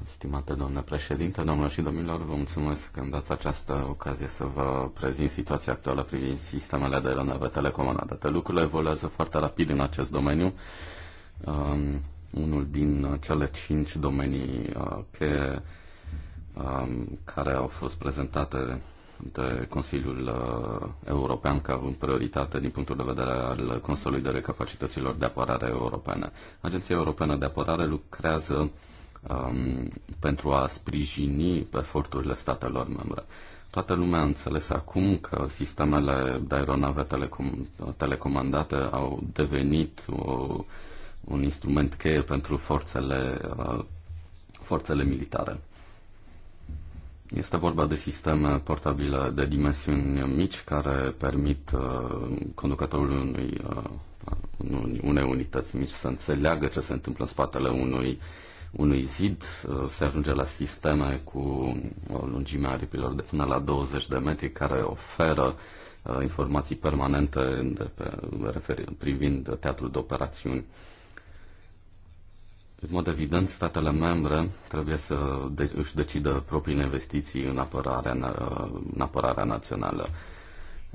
stimate domnule președinte, domnilor și domnilor, vă mulțumesc că îmi dați această ocazie să vă prezint situația actuală privind sistemele de rănăve telecomandate. Lucrurile evoluează foarte rapid în acest domeniu. Um, unul din cele cinci domenii uh, cheie um, care au fost prezentate de Consiliul uh, European ca având prioritate din punctul de vedere al consolidării capacităților de apărare europene. Agenția Europeană de Apărare lucrează um, pentru a sprijini eforturile statelor membre. Toată lumea a înțeles acum că sistemele de aeronave telecom- telecomandate au devenit o, un instrument cheie pentru forțele, uh, forțele militare. Este vorba de sisteme portabile de dimensiuni mici care permit uh, conducătorului unui, uh, unei unități mici să înțeleagă ce se întâmplă în spatele unui, unui zid. Uh, se ajunge la sisteme cu o uh, lungime a aripilor de până la 20 de metri care oferă uh, informații permanente de pe, referi, privind teatrul de operațiuni. Uh, în mod evident, statele membre trebuie să de- își decidă propriile investiții în apărarea, în apărarea națională.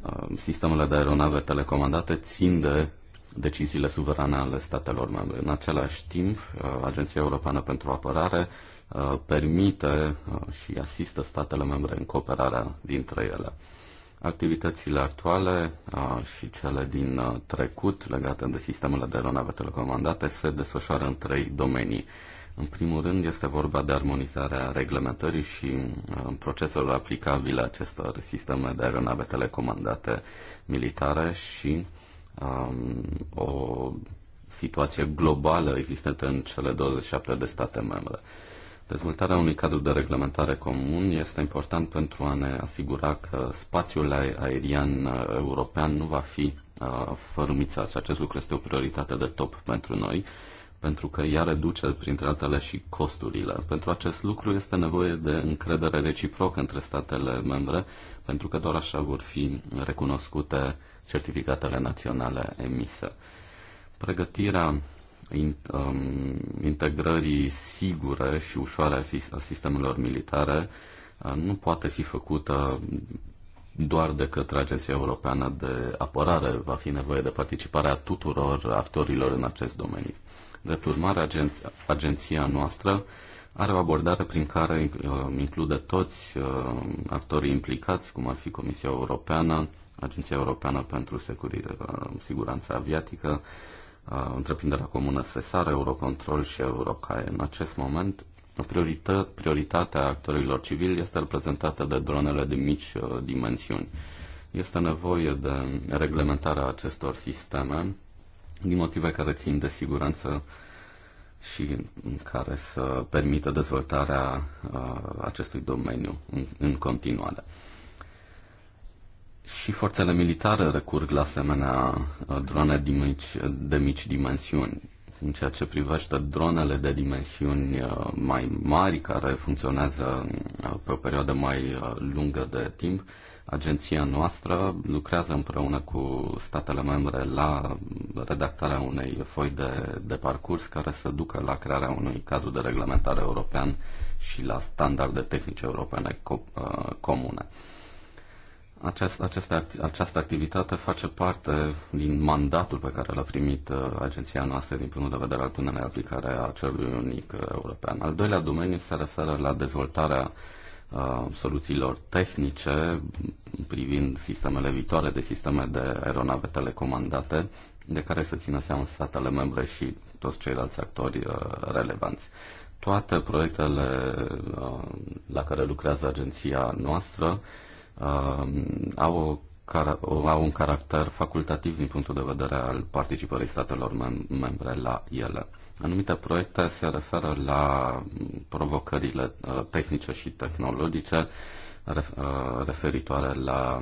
Uh, sistemele de aeronave telecomandate țin de deciziile suverane ale statelor membre. În același timp, uh, Agenția Europeană pentru Apărare uh, permite și asistă statele membre în cooperarea dintre ele activitățile actuale și cele din trecut legate de sistemele de aeronave telecomandate se desfășoară în trei domenii. În primul rând este vorba de armonizarea reglementării și proceselor aplicabile acestor sisteme de aeronave telecomandate militare și um, o situație globală existentă în cele 27 de state membre. Dezvoltarea unui cadru de reglementare comun este important pentru a ne asigura că spațiul aerian uh, european nu va fi uh, fărâmițat și acest lucru este o prioritate de top pentru noi pentru că ea reduce, printre altele, și costurile. Pentru acest lucru este nevoie de încredere reciprocă între statele membre, pentru că doar așa vor fi recunoscute certificatele naționale emise. Pregătirea Um, integrării sigure și ușoare a sistemelor militare uh, nu poate fi făcută doar de către Agenția Europeană de Apărare. Va fi nevoie de participarea tuturor actorilor în acest domeniu. Drept urmare, agenția, agenția noastră are o abordare prin care uh, include toți uh, actorii implicați, cum ar fi Comisia Europeană, Agenția Europeană pentru Securire, Siguranța Aviatică, întreprinderea comună Sesar, Eurocontrol și Eurocae. În acest moment, priorită, prioritatea actorilor civili este reprezentată de dronele de mici uh, dimensiuni. Este nevoie de reglementarea acestor sisteme din motive care țin de siguranță și care să permită dezvoltarea uh, acestui domeniu în, în continuare și forțele militare recurg la asemenea uh, drone de mici, de mici dimensiuni. În ceea ce privește dronele de dimensiuni uh, mai mari, care funcționează uh, pe o perioadă mai lungă de timp, agenția noastră lucrează împreună cu statele membre la redactarea unei foi de, de parcurs care să ducă la crearea unui cadru de reglementare european și la standarde tehnice europene co- comune. Aceast, această, această activitate face parte din mandatul pe care l-a primit uh, agenția noastră din punct de vedere al punerii aplicare a celui unic uh, european. Al doilea domeniu se referă la dezvoltarea uh, soluțiilor tehnice privind sistemele viitoare de sisteme de aeronave telecomandate de care să țină seama statele membre și toți ceilalți actori uh, relevanți. Toate proiectele uh, la care lucrează agenția noastră uh, Um, au o au un caracter facultativ din punctul de vedere al participării statelor mem- membre la ele. Anumite proiecte se referă la mm, provocările uh, tehnice și tehnologice uh, referitoare la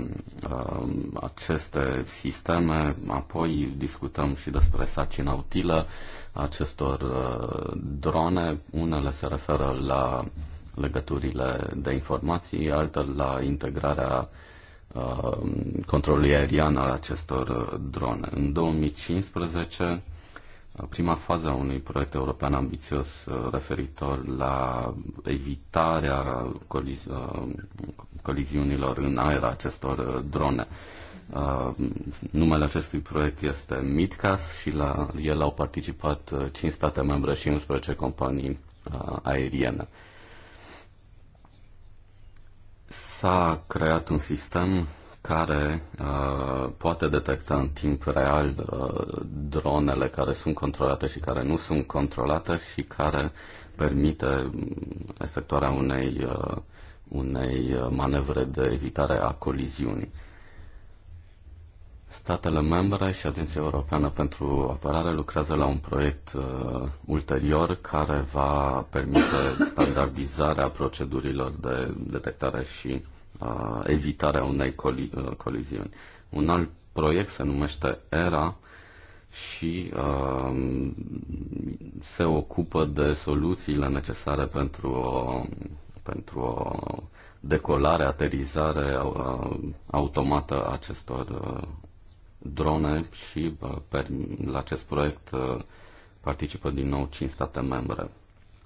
um, aceste sisteme. Apoi discutăm și despre sacina utilă acestor uh, drone. Unele se referă la legăturile de informații, altă la integrarea uh, controlului aerian al acestor drone. În 2015, uh, prima fază a unui proiect european ambițios uh, referitor la evitarea colizi- uh, coliziunilor în aer a acestor drone. Uh, numele acestui proiect este MITCAS și la el au participat 5 state membre și 11 companii uh, aeriene. S-a creat un sistem care uh, poate detecta în timp real uh, dronele care sunt controlate și care nu sunt controlate și care permite mm, efectuarea unei, uh, unei uh, manevre de evitare a coliziunii. Statele membre și Agenția Europeană pentru Apărare lucrează la un proiect uh, ulterior care va permite standardizarea procedurilor de detectare și uh, evitarea unei coli- uh, coliziuni. Un alt proiect se numește ERA și uh, se ocupă de soluțiile necesare pentru o, pentru o decolare, aterizare uh, automată acestor uh, drone și la acest proiect uh, participă din nou 5 state membre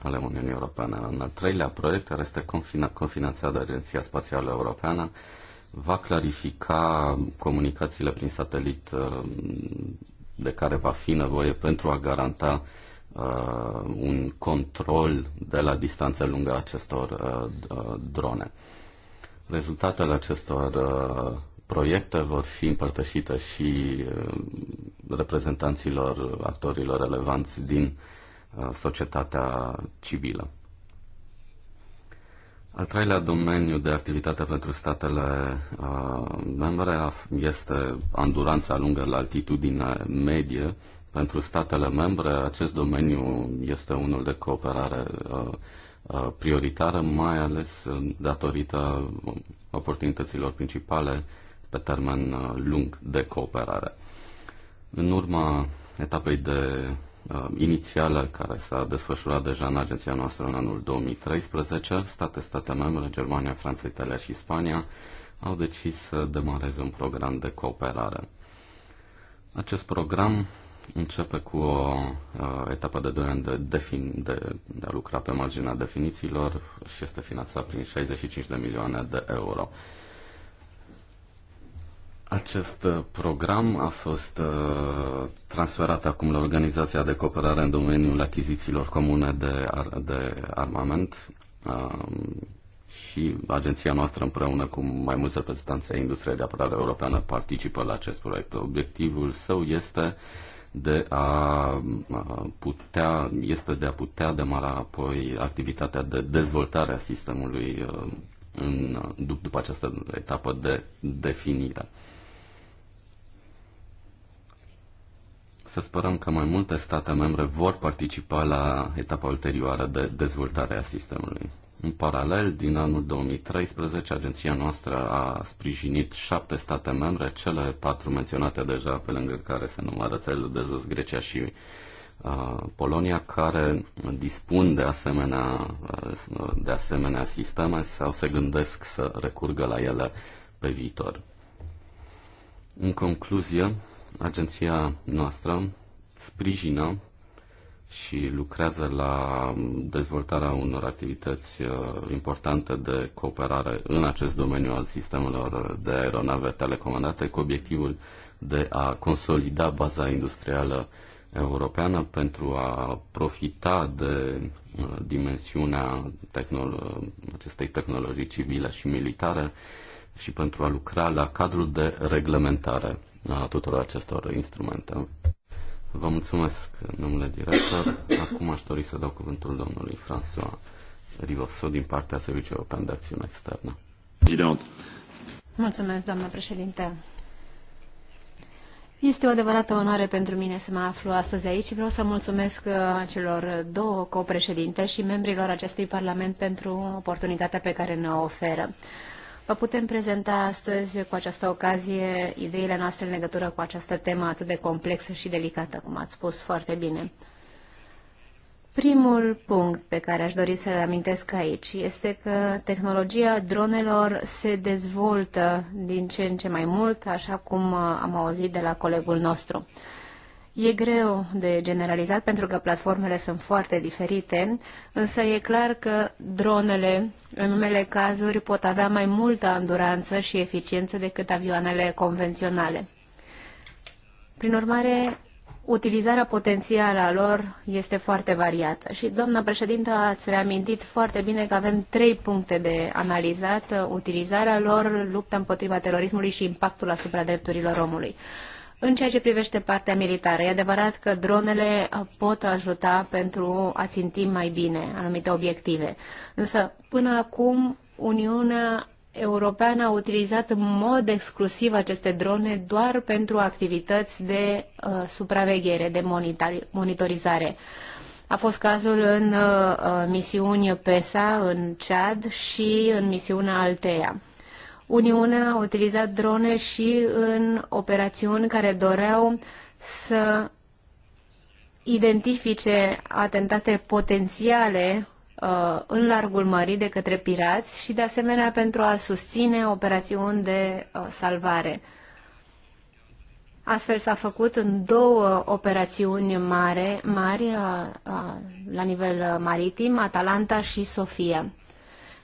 ale Uniunii Europene. În al treilea proiect, care este confinanțat de Agenția Spațială Europeană, va clarifica comunicațiile prin satelit uh, de care va fi nevoie pentru a garanta uh, un control de la distanță lungă a acestor uh, uh drone. Rezultatele acestor uh, proiecte vor fi împărtășite și uh, reprezentanților actorilor relevanți din uh, societatea civilă. Al treilea domeniu de activitate pentru statele uh, membre este anduranța lungă la altitudine medie. Pentru statele membre, acest domeniu este unul de cooperare uh, uh, prioritară, mai ales uh, datorită oportunităților principale pe termen uh, lung de cooperare. În urma etapei de uh, inițială care s-a desfășurat deja în agenția noastră în anul 2013, state, state membre, Germania, Franța, Italia și Spania, au decis să demareze un program de cooperare. Acest program începe cu o uh, etapă de 2 ani de, defin, de, de a lucra pe marginea definițiilor și este finanțat prin 65 de milioane de euro. Uh, acest uh, program a fost uh, transferat acum la Organizația de Cooperare în domeniul achizițiilor comune de, ar- de armament um, și agenția noastră împreună cu mai mulți reprezentanți ai industriei de apărare europeană participă la acest proiect. Obiectivul său este de a putea, este de a putea demara apoi activitatea de dezvoltare a sistemului uh, în, după această etapă de definire. Să sperăm că mai multe state membre vor participa la etapa ulterioară de dezvoltare a sistemului. În paralel, din anul 2013, agenția noastră a sprijinit șapte state membre, cele patru menționate deja, pe lângă care se numără țările de jos, Grecia și uh, Polonia, care dispun de asemenea, uh, de asemenea sisteme sau se gândesc să recurgă la ele pe viitor. În concluzie, agenția noastră sprijină și lucrează la dezvoltarea unor activități uh, importante de cooperare în acest domeniu al sistemelor de aeronave telecomandate cu obiectivul de a consolida baza industrială europeană pentru a profita de uh, dimensiunea tehnolo- acestei tehnologii civile și militare și pentru a lucra la cadrul de reglementare a tuturor acestor instrumente. Vă mulțumesc în numele director. Acum aș dori să dau cuvântul domnului François Rivosu din partea Serviciului European de Acțiune Externă. Mulțumesc, doamnă președinte. Este o adevărată onoare pentru mine să mă aflu astăzi aici și vreau să mulțumesc uh, celor două copreședinte și membrilor acestui Parlament pentru oportunitatea pe care ne-o oferă. Vă putem prezenta astăzi, cu această ocazie, ideile noastre în legătură cu această temă atât de complexă și delicată, cum ați spus foarte bine. Primul punct pe care aș dori să-l amintesc aici este că tehnologia dronelor se dezvoltă din ce în ce mai mult, așa cum am auzit de la colegul nostru. E greu de generalizat pentru că platformele sunt foarte diferite, însă e clar că dronele, în unele cazuri, pot avea mai multă anduranță și eficiență decât avioanele convenționale. Prin urmare, utilizarea potențială a lor este foarte variată. Și, doamna președintă, ați reamintit foarte bine că avem trei puncte de analizat, utilizarea lor, lupta împotriva terorismului și impactul asupra drepturilor omului. În ceea ce privește partea militară, e adevărat că dronele pot ajuta pentru a ținti mai bine anumite obiective. Însă, până acum, Uniunea Europeană a utilizat în mod exclusiv aceste drone doar pentru activități de uh, supraveghere, de monitorizare. A fost cazul în uh, uh misiuni PESA, în Chad și în misiunea Altea. Uniunea a utilizat drone și în operațiuni care doreau să identifice atentate potențiale uh, în largul mării de către pirați și de asemenea pentru a susține operațiuni de uh, salvare. Astfel s-a făcut în două operațiuni mare, mari uh, uh, la nivel uh, maritim, Atalanta și Sofia.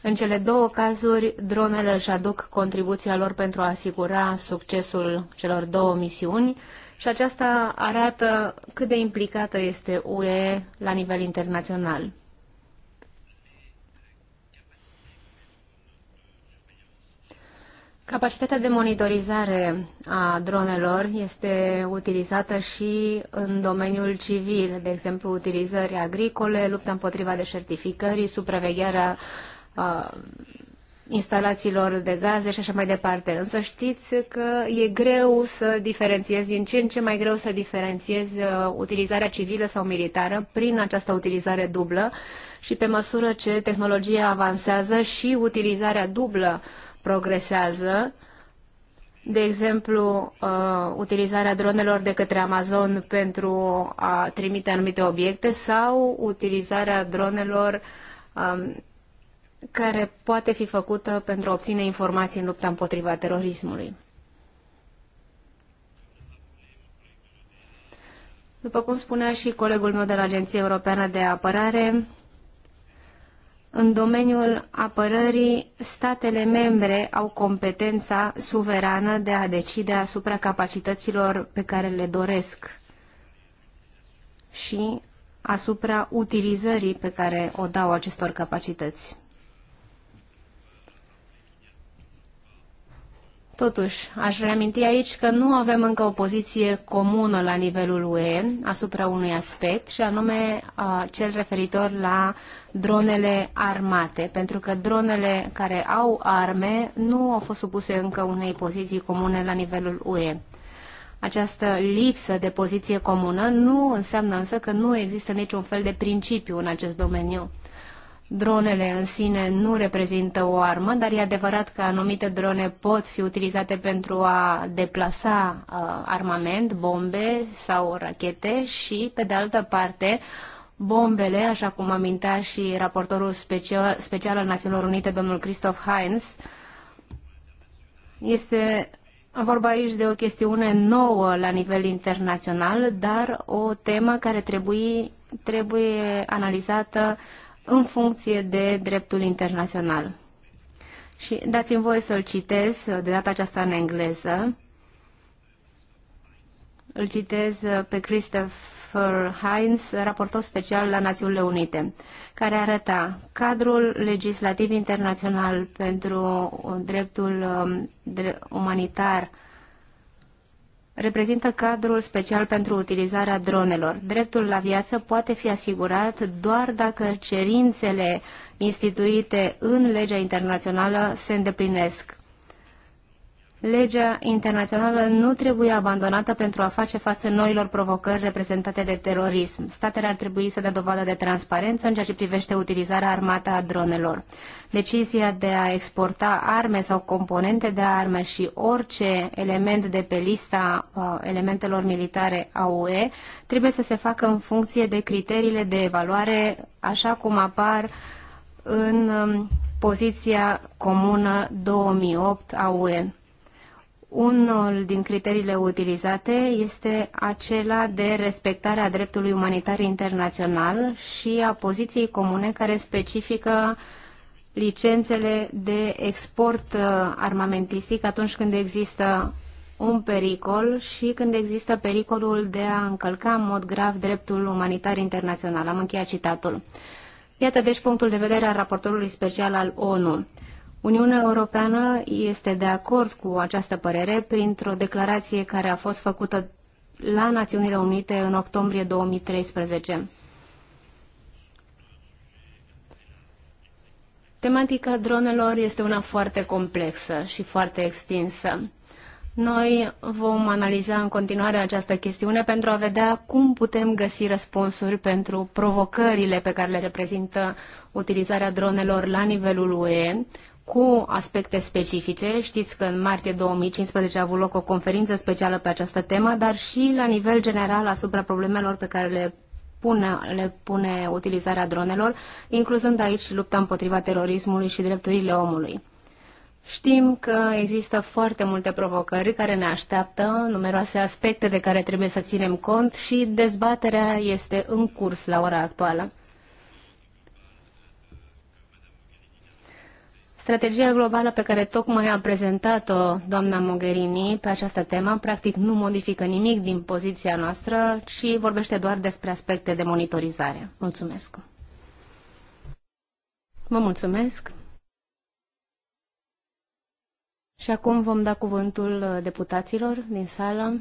În cele două cazuri, dronele își aduc contribuția lor pentru a asigura succesul celor două misiuni și aceasta arată cât de implicată este UE la nivel internațional. Capacitatea de monitorizare a dronelor este utilizată și în domeniul civil, de exemplu utilizări agricole, lupta împotriva deșertificării, supravegherea instalațiilor de gaze și așa mai departe. Însă știți că e greu să diferențiezi, din ce în ce mai greu să diferențiezi utilizarea civilă sau militară prin această utilizare dublă și pe măsură ce tehnologia avansează și utilizarea dublă progresează, de exemplu, utilizarea dronelor de către Amazon pentru a trimite anumite obiecte sau utilizarea dronelor care poate fi făcută pentru a obține informații în lupta împotriva terorismului. După cum spunea și colegul meu de la Agenția Europeană de Apărare, în domeniul apărării, statele membre au competența suverană de a decide asupra capacităților pe care le doresc și asupra utilizării pe care o dau acestor capacități. Totuși, aș reaminti aici că nu avem încă o poziție comună la nivelul UE asupra unui aspect, și anume a, cel referitor la dronele armate, pentru că dronele care au arme nu au fost supuse încă unei poziții comune la nivelul UE. Această lipsă de poziție comună nu înseamnă însă că nu există niciun fel de principiu în acest domeniu. Dronele în sine nu reprezintă o armă, dar e adevărat că anumite drone pot fi utilizate pentru a deplasa uh, armament, bombe sau rachete și, pe de altă parte, bombele, așa cum amintea și raportorul special, special al Națiunilor Unite, domnul Christoph Heinz, este vorba aici de o chestiune nouă la nivel internațional, dar o temă care trebuie, trebuie analizată în funcție de dreptul internațional. Și dați-mi voie să-l citez, de data aceasta în engleză. Îl citez pe Christopher Heinz, raportor special la Națiunile Unite, care arăta cadrul legislativ internațional pentru dreptul um, umanitar reprezintă cadrul special pentru utilizarea dronelor. Dreptul la viață poate fi asigurat doar dacă cerințele instituite în legea internațională se îndeplinesc legea internațională nu trebuie abandonată pentru a face față noilor provocări reprezentate de terorism. Statele ar trebui să dea dovadă de transparență în ceea ce privește utilizarea armată a dronelor. Decizia de a exporta arme sau componente de arme și orice element de pe lista uh, elementelor militare a UE trebuie să se facă în funcție de criteriile de evaluare, așa cum apar în um, poziția comună 2008 a UE. Unul din criteriile utilizate este acela de respectarea dreptului umanitar internațional și a poziției comune care specifică licențele de export uh, armamentistic atunci când există un pericol și când există pericolul de a încălca în mod grav dreptul umanitar internațional. Am încheiat citatul. Iată deci punctul de vedere al raportorului special al ONU. Uniunea Europeană este de acord cu această părere printr-o declarație care a fost făcută la Națiunile Unite în octombrie 2013. Tematica dronelor este una foarte complexă și foarte extinsă. Noi vom analiza în continuare această chestiune pentru a vedea cum putem găsi răspunsuri pentru provocările pe care le reprezintă utilizarea dronelor la nivelul UE, cu aspecte specifice. Știți că în martie 2015 a avut loc o conferință specială pe această temă, dar și la nivel general asupra problemelor pe care le pune, le pune utilizarea dronelor, incluzând aici lupta împotriva terorismului și drepturile omului. Știm că există foarte multe provocări care ne așteaptă, numeroase aspecte de care trebuie să ținem cont și dezbaterea este în curs la ora actuală. Strategia globală pe care tocmai a prezentat-o doamna Mogherini pe această temă, practic nu modifică nimic din poziția noastră, ci vorbește doar despre aspecte de monitorizare. Mulțumesc! Vă mulțumesc! Și acum vom da cuvântul uh, deputaților din sală.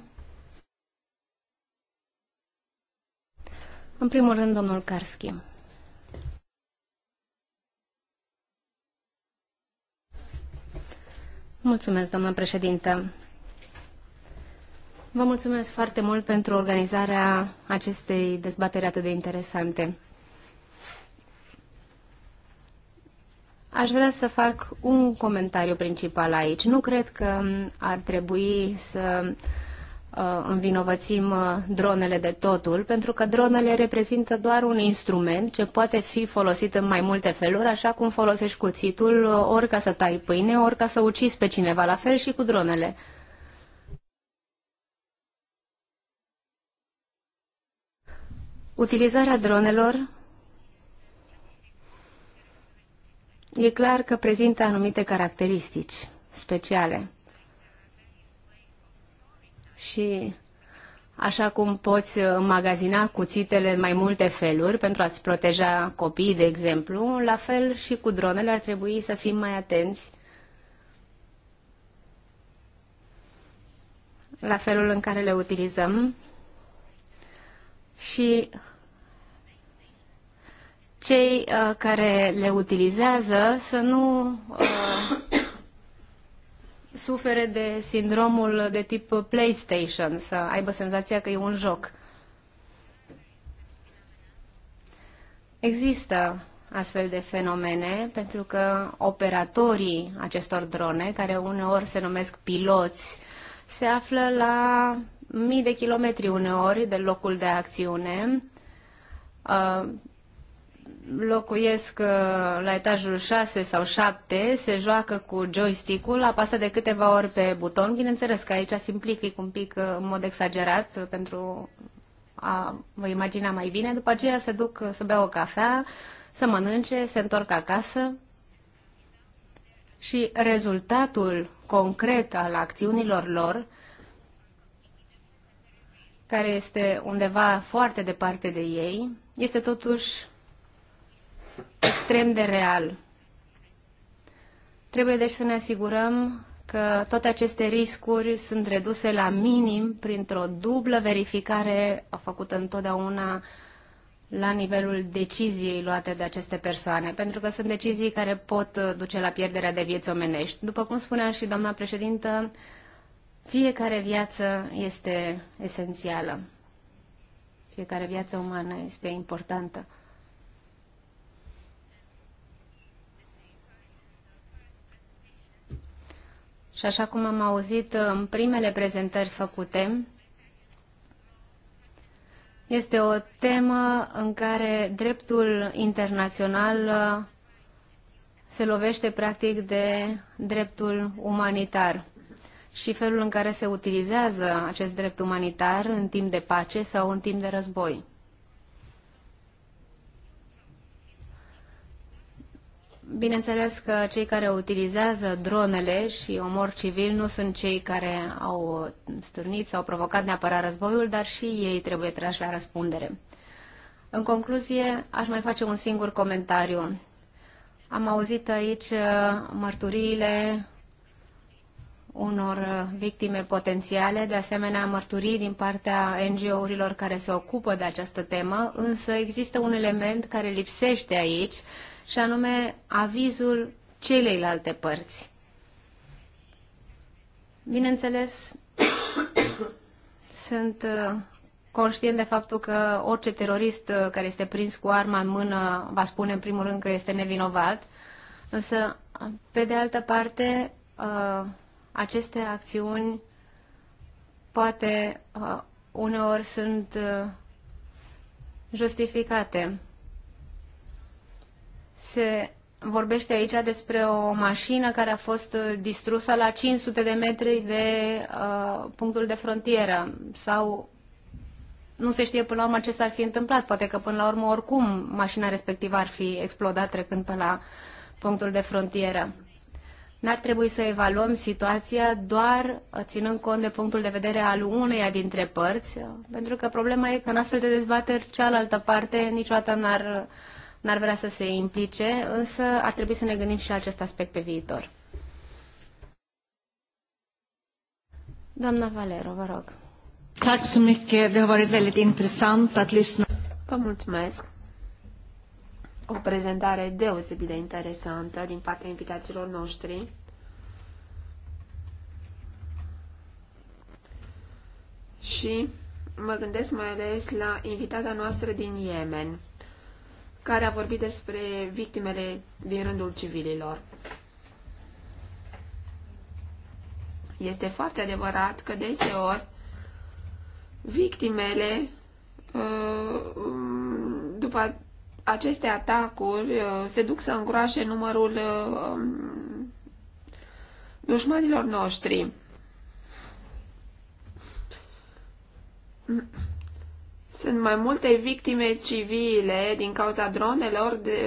În primul rând, domnul Karski. Mulțumesc, doamnă președintă. Vă mulțumesc foarte mult pentru organizarea acestei dezbateri atât de interesante. Aș vrea să fac un comentariu principal aici. Nu cred că ar trebui să uh, Uh, învinovățim uh, dronele de totul, pentru că dronele reprezintă doar un instrument ce poate fi folosit în mai multe feluri, așa cum folosești cuțitul uh, ori ca să tai pâine, ori ca să ucizi pe cineva, la fel și cu dronele. Utilizarea dronelor e clar că prezintă anumite caracteristici speciale și așa cum poți magazina cuțitele în mai multe feluri pentru a-ți proteja copiii, de exemplu, la fel și cu dronele ar trebui să fim mai atenți la felul în care le utilizăm și cei uh, care le utilizează să nu uh, sufere de sindromul de tip PlayStation, să aibă senzația că e un joc. Există astfel de fenomene pentru că operatorii acestor drone, care uneori se numesc piloți, se află la mii de kilometri uneori de locul de acțiune, uh, locuiesc uh, la etajul 6 sau 7, se joacă cu joystick-ul, apasă de câteva ori pe buton. Bineînțeles că aici simplific un pic uh, în mod exagerat uh, pentru a vă imagina mai bine. După aceea se duc să bea o cafea, să mănânce, se întorc acasă. Și rezultatul concret al acțiunilor lor care este undeva foarte departe de ei, este totuși extrem de real. Trebuie deci să ne asigurăm că toate aceste riscuri sunt reduse la minim printr-o dublă verificare făcută întotdeauna la nivelul deciziei luate de aceste persoane, pentru că sunt decizii care pot duce la pierderea de vieți omenești. După cum spunea și doamna președintă, fiecare viață este esențială. Fiecare viață umană este importantă. Și așa cum am auzit în primele prezentări făcute, este o temă în care dreptul internațional uh, se lovește practic de dreptul umanitar și felul în care se utilizează acest drept umanitar în timp de pace sau în timp de război. Bineînțeles că cei care utilizează dronele și omor civil nu sunt cei care au stârnit sau provocat neapărat războiul, dar și ei trebuie trași la răspundere. În concluzie, aș mai face un singur comentariu. Am auzit aici uh, mărturiile unor uh, victime potențiale, de asemenea mărturii din partea NGO-urilor care se ocupă de această temă, însă există un element care lipsește aici, și anume avizul celeilalte părți. Bineînțeles, sunt uh, conștient de faptul că orice terorist uh, care este prins cu arma în mână va spune în primul rând că este nevinovat, însă, pe de altă parte, uh, aceste acțiuni poate uneori sunt justificate. Se vorbește aici despre o mașină care a fost distrusă la 500 de metri de uh, punctul de frontieră sau nu se știe până la urmă ce s-ar fi întâmplat. Poate că până la urmă oricum mașina respectivă ar fi explodat trecând pe la punctul de frontieră. N-ar trebui să evaluăm situația doar ținând cont de punctul de vedere al uneia dintre părți, pentru că problema e că în astfel de dezbateri cealaltă parte niciodată n-ar uh, n-ar vrea să se implice, însă ar trebui să ne gândim și la acest aspect pe viitor. Doamna Valero, vă rog. Vă mulțumesc. O prezentare deosebit de interesantă din partea invitațiilor noștri. Și mă gândesc mai ales la invitata noastră din Yemen care a vorbit despre victimele din rândul civililor. Este foarte adevărat că deseori victimele uh, um, după aceste atacuri uh, se duc să îngroașe numărul uh, um, dușmanilor noștri. Sunt mai multe victime civile din cauza dronelor de,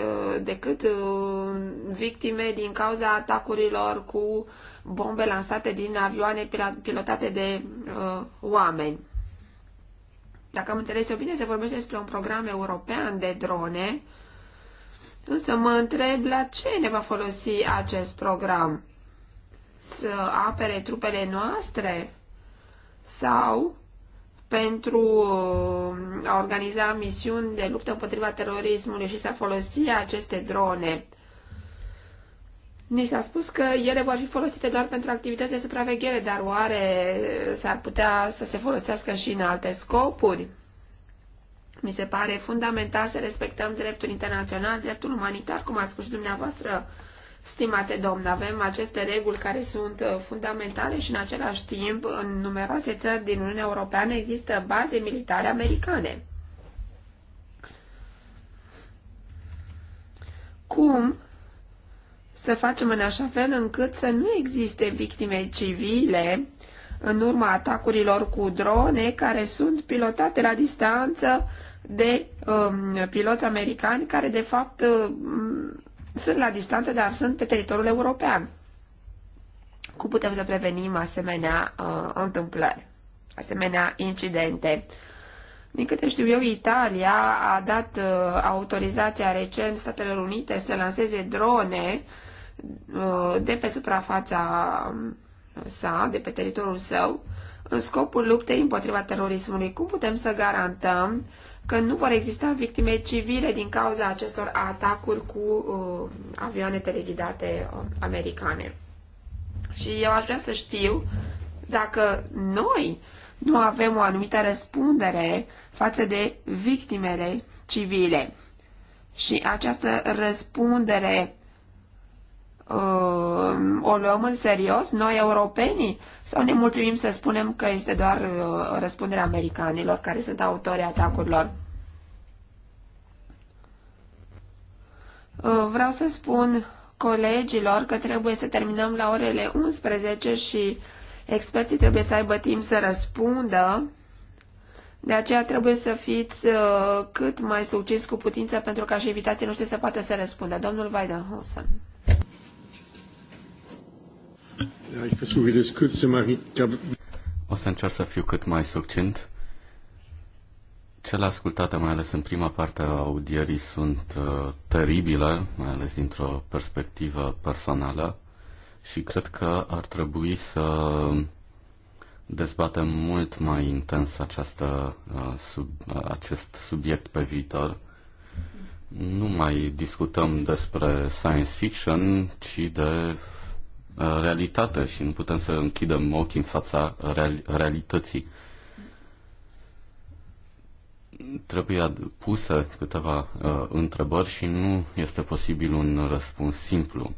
decât uh, victime din cauza atacurilor cu bombe lansate din avioane pilotate de uh, oameni. Dacă am înțeles eu bine, se vorbește despre un program european de drone, însă mă întreb la ce ne va folosi acest program? Să apere trupele noastre? Sau pentru uh, a organiza misiuni de luptă împotriva terorismului și să folosi aceste drone. Ni s-a spus că ele vor fi folosite doar pentru activități de supraveghere, dar oare s-ar putea să se folosească și în alte scopuri? Mi se pare fundamental să respectăm dreptul internațional, dreptul umanitar, cum a spus și dumneavoastră, Stimate domn, avem aceste reguli care sunt uh, fundamentale și în același timp în numeroase țări din Uniunea Europeană există baze militare americane. Cum să facem în așa fel încât să nu existe victime civile în urma atacurilor cu drone care sunt pilotate la distanță de um, piloți americani care de fapt um, sunt la distanță, dar sunt pe teritoriul european. Cum putem să prevenim asemenea uh, întâmplări, asemenea incidente? Din câte știu eu, Italia a dat uh, autorizația recent Statelor Unite să lanseze drone uh, de pe suprafața um, sa, de pe teritoriul său, în scopul luptei împotriva terorismului. Cum putem să garantăm că nu vor exista victime civile din cauza acestor atacuri cu uh, avioane teleghidate uh, americane. Și eu aș vrea să știu dacă noi nu avem o anumită răspundere față de victimele civile. Și această răspundere Uh, o luăm în serios, noi europenii, sau ne mulțumim să spunem că este doar uh, răspunderea americanilor care sunt autorii atacurilor? Uh, vreau să spun colegilor că trebuie să terminăm la orele 11 și experții trebuie să aibă timp să răspundă. De aceea trebuie să fiți cât mai succinți cu putință pentru ca și invitații noștri să poată să răspundă. Domnul Weidenhausen. O să încerc să fiu cât mai succint. Cele ascultate, mai ales în prima parte a audierii, sunt uh, teribile, mai ales dintr-o perspectivă personală și cred că ar trebui să dezbatem mult mai intens această, uh, sub, uh, acest subiect pe viitor. Nu mai discutăm despre science fiction, ci de Uh, realitate și nu putem să închidem ochii în fața real, realității. Trebuie puse câteva uh, întrebări și nu este posibil un răspuns simplu.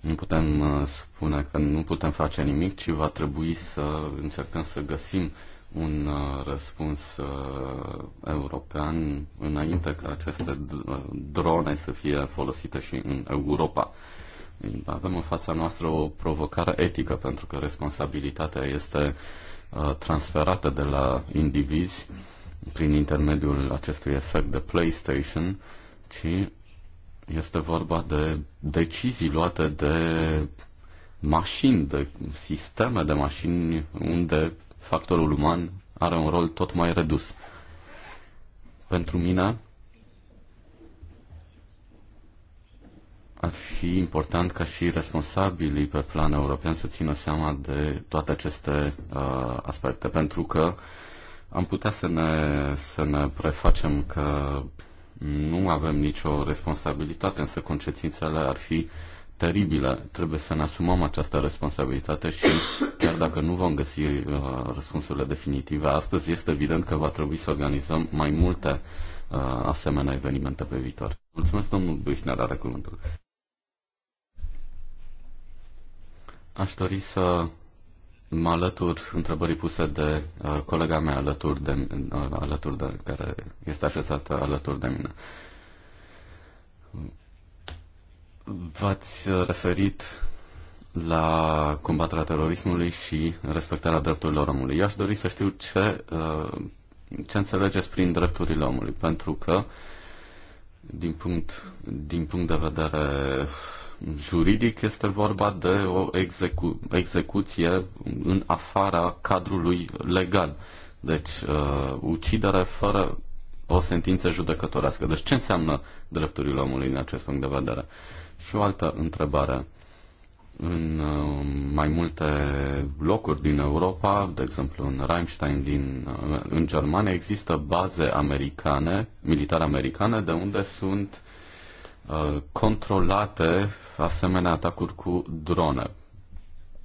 Nu putem uh, spune că nu putem face nimic, ci va trebui să încercăm să găsim un uh, răspuns uh, european înainte ca aceste uh, drone să fie folosite și în Europa. Uh, avem în fața noastră o provocare etică, pentru că responsabilitatea este uh, transferată de la indivizi prin intermediul acestui efect de PlayStation, ci este vorba de decizii luate de mașini, de sisteme de mașini unde factorul uman are un rol tot mai redus. Pentru mine, ar fi important ca și responsabilii pe plan european să țină seama de toate aceste uh, aspecte, pentru că am putea să ne, să ne prefacem că nu avem nicio responsabilitate, însă consecințele ar fi teribile. Trebuie să ne asumăm această responsabilitate și chiar dacă nu vom găsi uh, răspunsurile definitive astăzi, este evident că va trebui să organizăm mai multe uh, asemenea evenimente pe viitor. Mulțumesc, domnul Bâșnea, la cuvântul. Aș dori să mă alătur întrebării puse de uh, colega mea alături de, uh, alături de care este așezată alături de mine. V-ați referit la combaterea terorismului și respectarea drepturilor omului. Eu aș dori să știu ce, uh, ce înțelegeți prin drepturile omului, pentru că din punct, din punct de vedere juridic este vorba de o execu- execuție în afara cadrului legal. Deci, uh, ucidere fără o sentință judecătorească. Deci, ce înseamnă drepturile omului în acest punct de vedere? Și o altă întrebare. În uh, mai multe locuri din Europa, de exemplu în Rheinstein din, uh, în Germania, există baze americane, militare americane, de unde sunt Uh, controlate asemenea atacuri cu drone,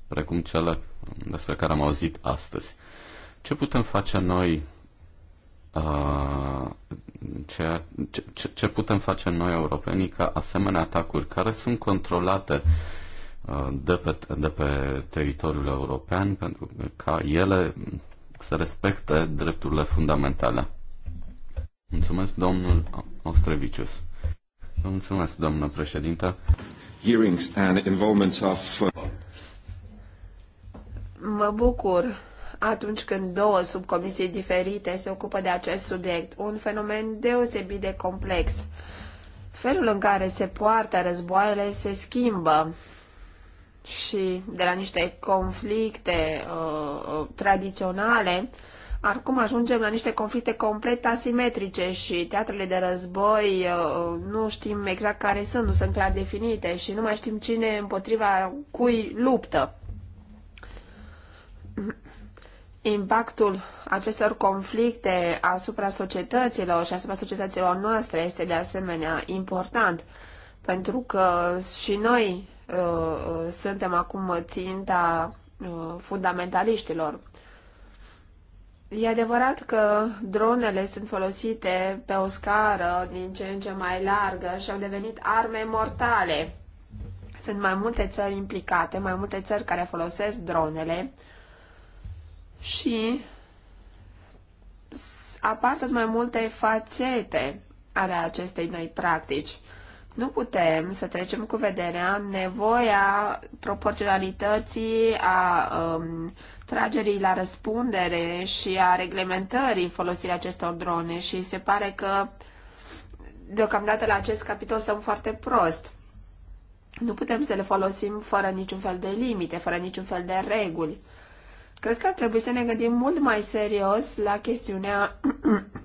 precum cele despre care am auzit astăzi. Ce putem face noi uh, ce, ce, ce putem face noi europenii ca asemenea atacuri care sunt controlate uh, de pe, de pe teritoriul european pentru ca ele să respecte drepturile fundamentale. Mulțumesc, domnul Ostrevicius. Vă mulțumesc, doamnă președintă. Hearings and involvement of... Uh, mă bucur atunci când două subcomisii diferite se ocupă de acest subiect, un fenomen deosebit de complex. Felul în care se poartă războaiele se schimbă și de la niște conflicte uh, uh tradiționale Acum ajungem la niște conflicte complet asimetrice și teatrele de război uh, nu știm exact care sunt, nu sunt clar definite și nu mai știm cine împotriva cui luptă. Impactul acestor conflicte asupra societăților și asupra societăților noastre este de asemenea important, pentru că și noi uh, uh suntem acum ținta uh, fundamentaliștilor. E adevărat că dronele sunt folosite pe o scară din ce în ce mai largă și au devenit arme mortale. Sunt mai multe țări implicate, mai multe țări care folosesc dronele și apar tot mai multe fațete ale acestei noi practici. Nu putem să trecem cu vederea nevoia proporționalității, a um, tragerii la răspundere și a reglementării folosirii acestor drone și se pare că deocamdată la acest capitol sunt foarte prost. Nu putem să le folosim fără niciun fel de limite, fără niciun fel de reguli. Cred că trebuie să ne gândim mult mai serios la chestiunea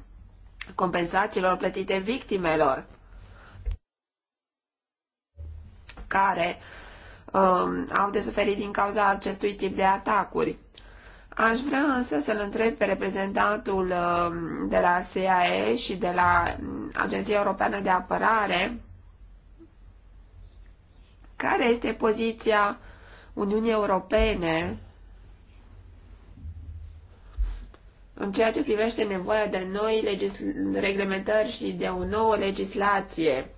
compensațiilor plătite victimelor care um, au de suferit din cauza acestui tip de atacuri. Aș vrea însă să-l întreb pe reprezentantul um, de la SAE și de la um, Agenția Europeană de Apărare care este poziția Uniunii Europene în ceea ce privește nevoia de noi reglementări și de o nouă legislație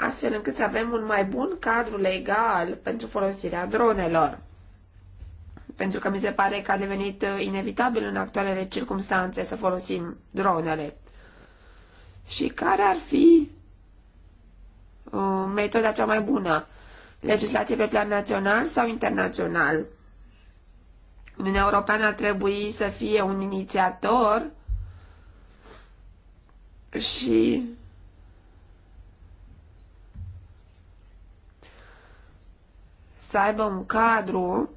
astfel încât să avem un mai bun cadru legal pentru folosirea dronelor. Pentru că mi se pare că a devenit uh, inevitabil în actualele circunstanțe să folosim dronele. Și care ar fi uh, metoda cea mai bună? Legislație pe plan național sau internațional? Uniunea Europeană ar trebui să fie un inițiator și să aibă un cadru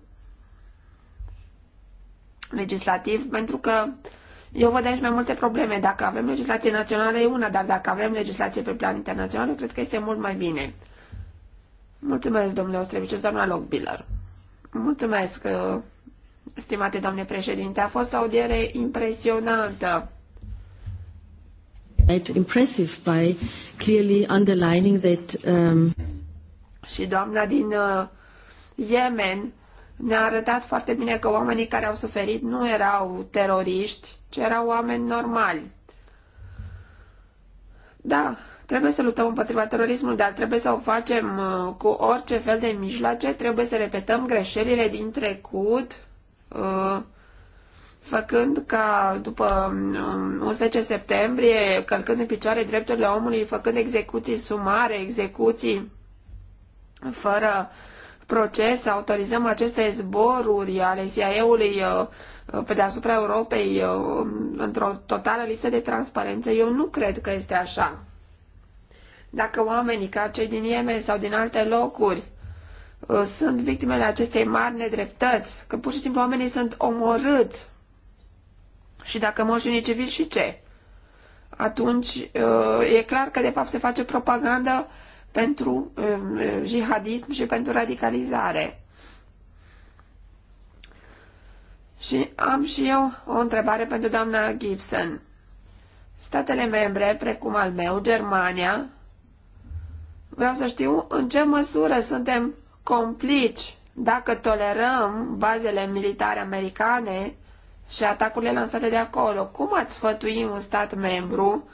legislativ, pentru că eu văd aici mai multe probleme. Dacă avem legislație națională e una, dar dacă avem legislație pe plan internațional, eu cred că este mult mai bine. Mulțumesc, domnule Ostreviciu, doamna Lockbiller. Mulțumesc, uh, stimate doamne președinte. A fost o audiere impresionantă. Impressive by clearly underlining that, um... Și doamna din uh, Yemen ne-a arătat foarte bine că oamenii care au suferit nu erau teroriști, ci erau oameni normali. Da, trebuie să luptăm împotriva terorismului, dar trebuie să o facem uh, cu orice fel de mijloace, trebuie să repetăm greșelile din trecut, uh, făcând ca după 11 um, septembrie, călcând în picioare drepturile omului, făcând execuții sumare, execuții fără uh, proces, autorizăm aceste zboruri ale CIA-ului uh, uh, pe deasupra Europei uh, într-o totală lipsă de transparență, eu nu cred că este așa. Dacă oamenii ca cei din Yemen sau din alte locuri sunt victimele acestei mari nedreptăți, că pur și simplu oamenii sunt omorâți și dacă mor și civili și ce? Atunci e clar că de fapt se face propagandă pentru um, um, jihadism și pentru radicalizare. Și am și eu o întrebare pentru doamna Gibson. Statele membre, precum al meu, Germania, vreau să știu în ce măsură suntem complici dacă tolerăm bazele militare americane și atacurile lansate de acolo. Cum ați sfătui un stat membru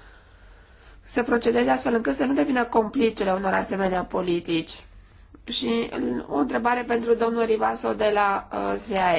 să procedeze astfel încât să nu devină complicele unor asemenea politici. Și o întrebare pentru domnul Rivaso de la uh, ZAE.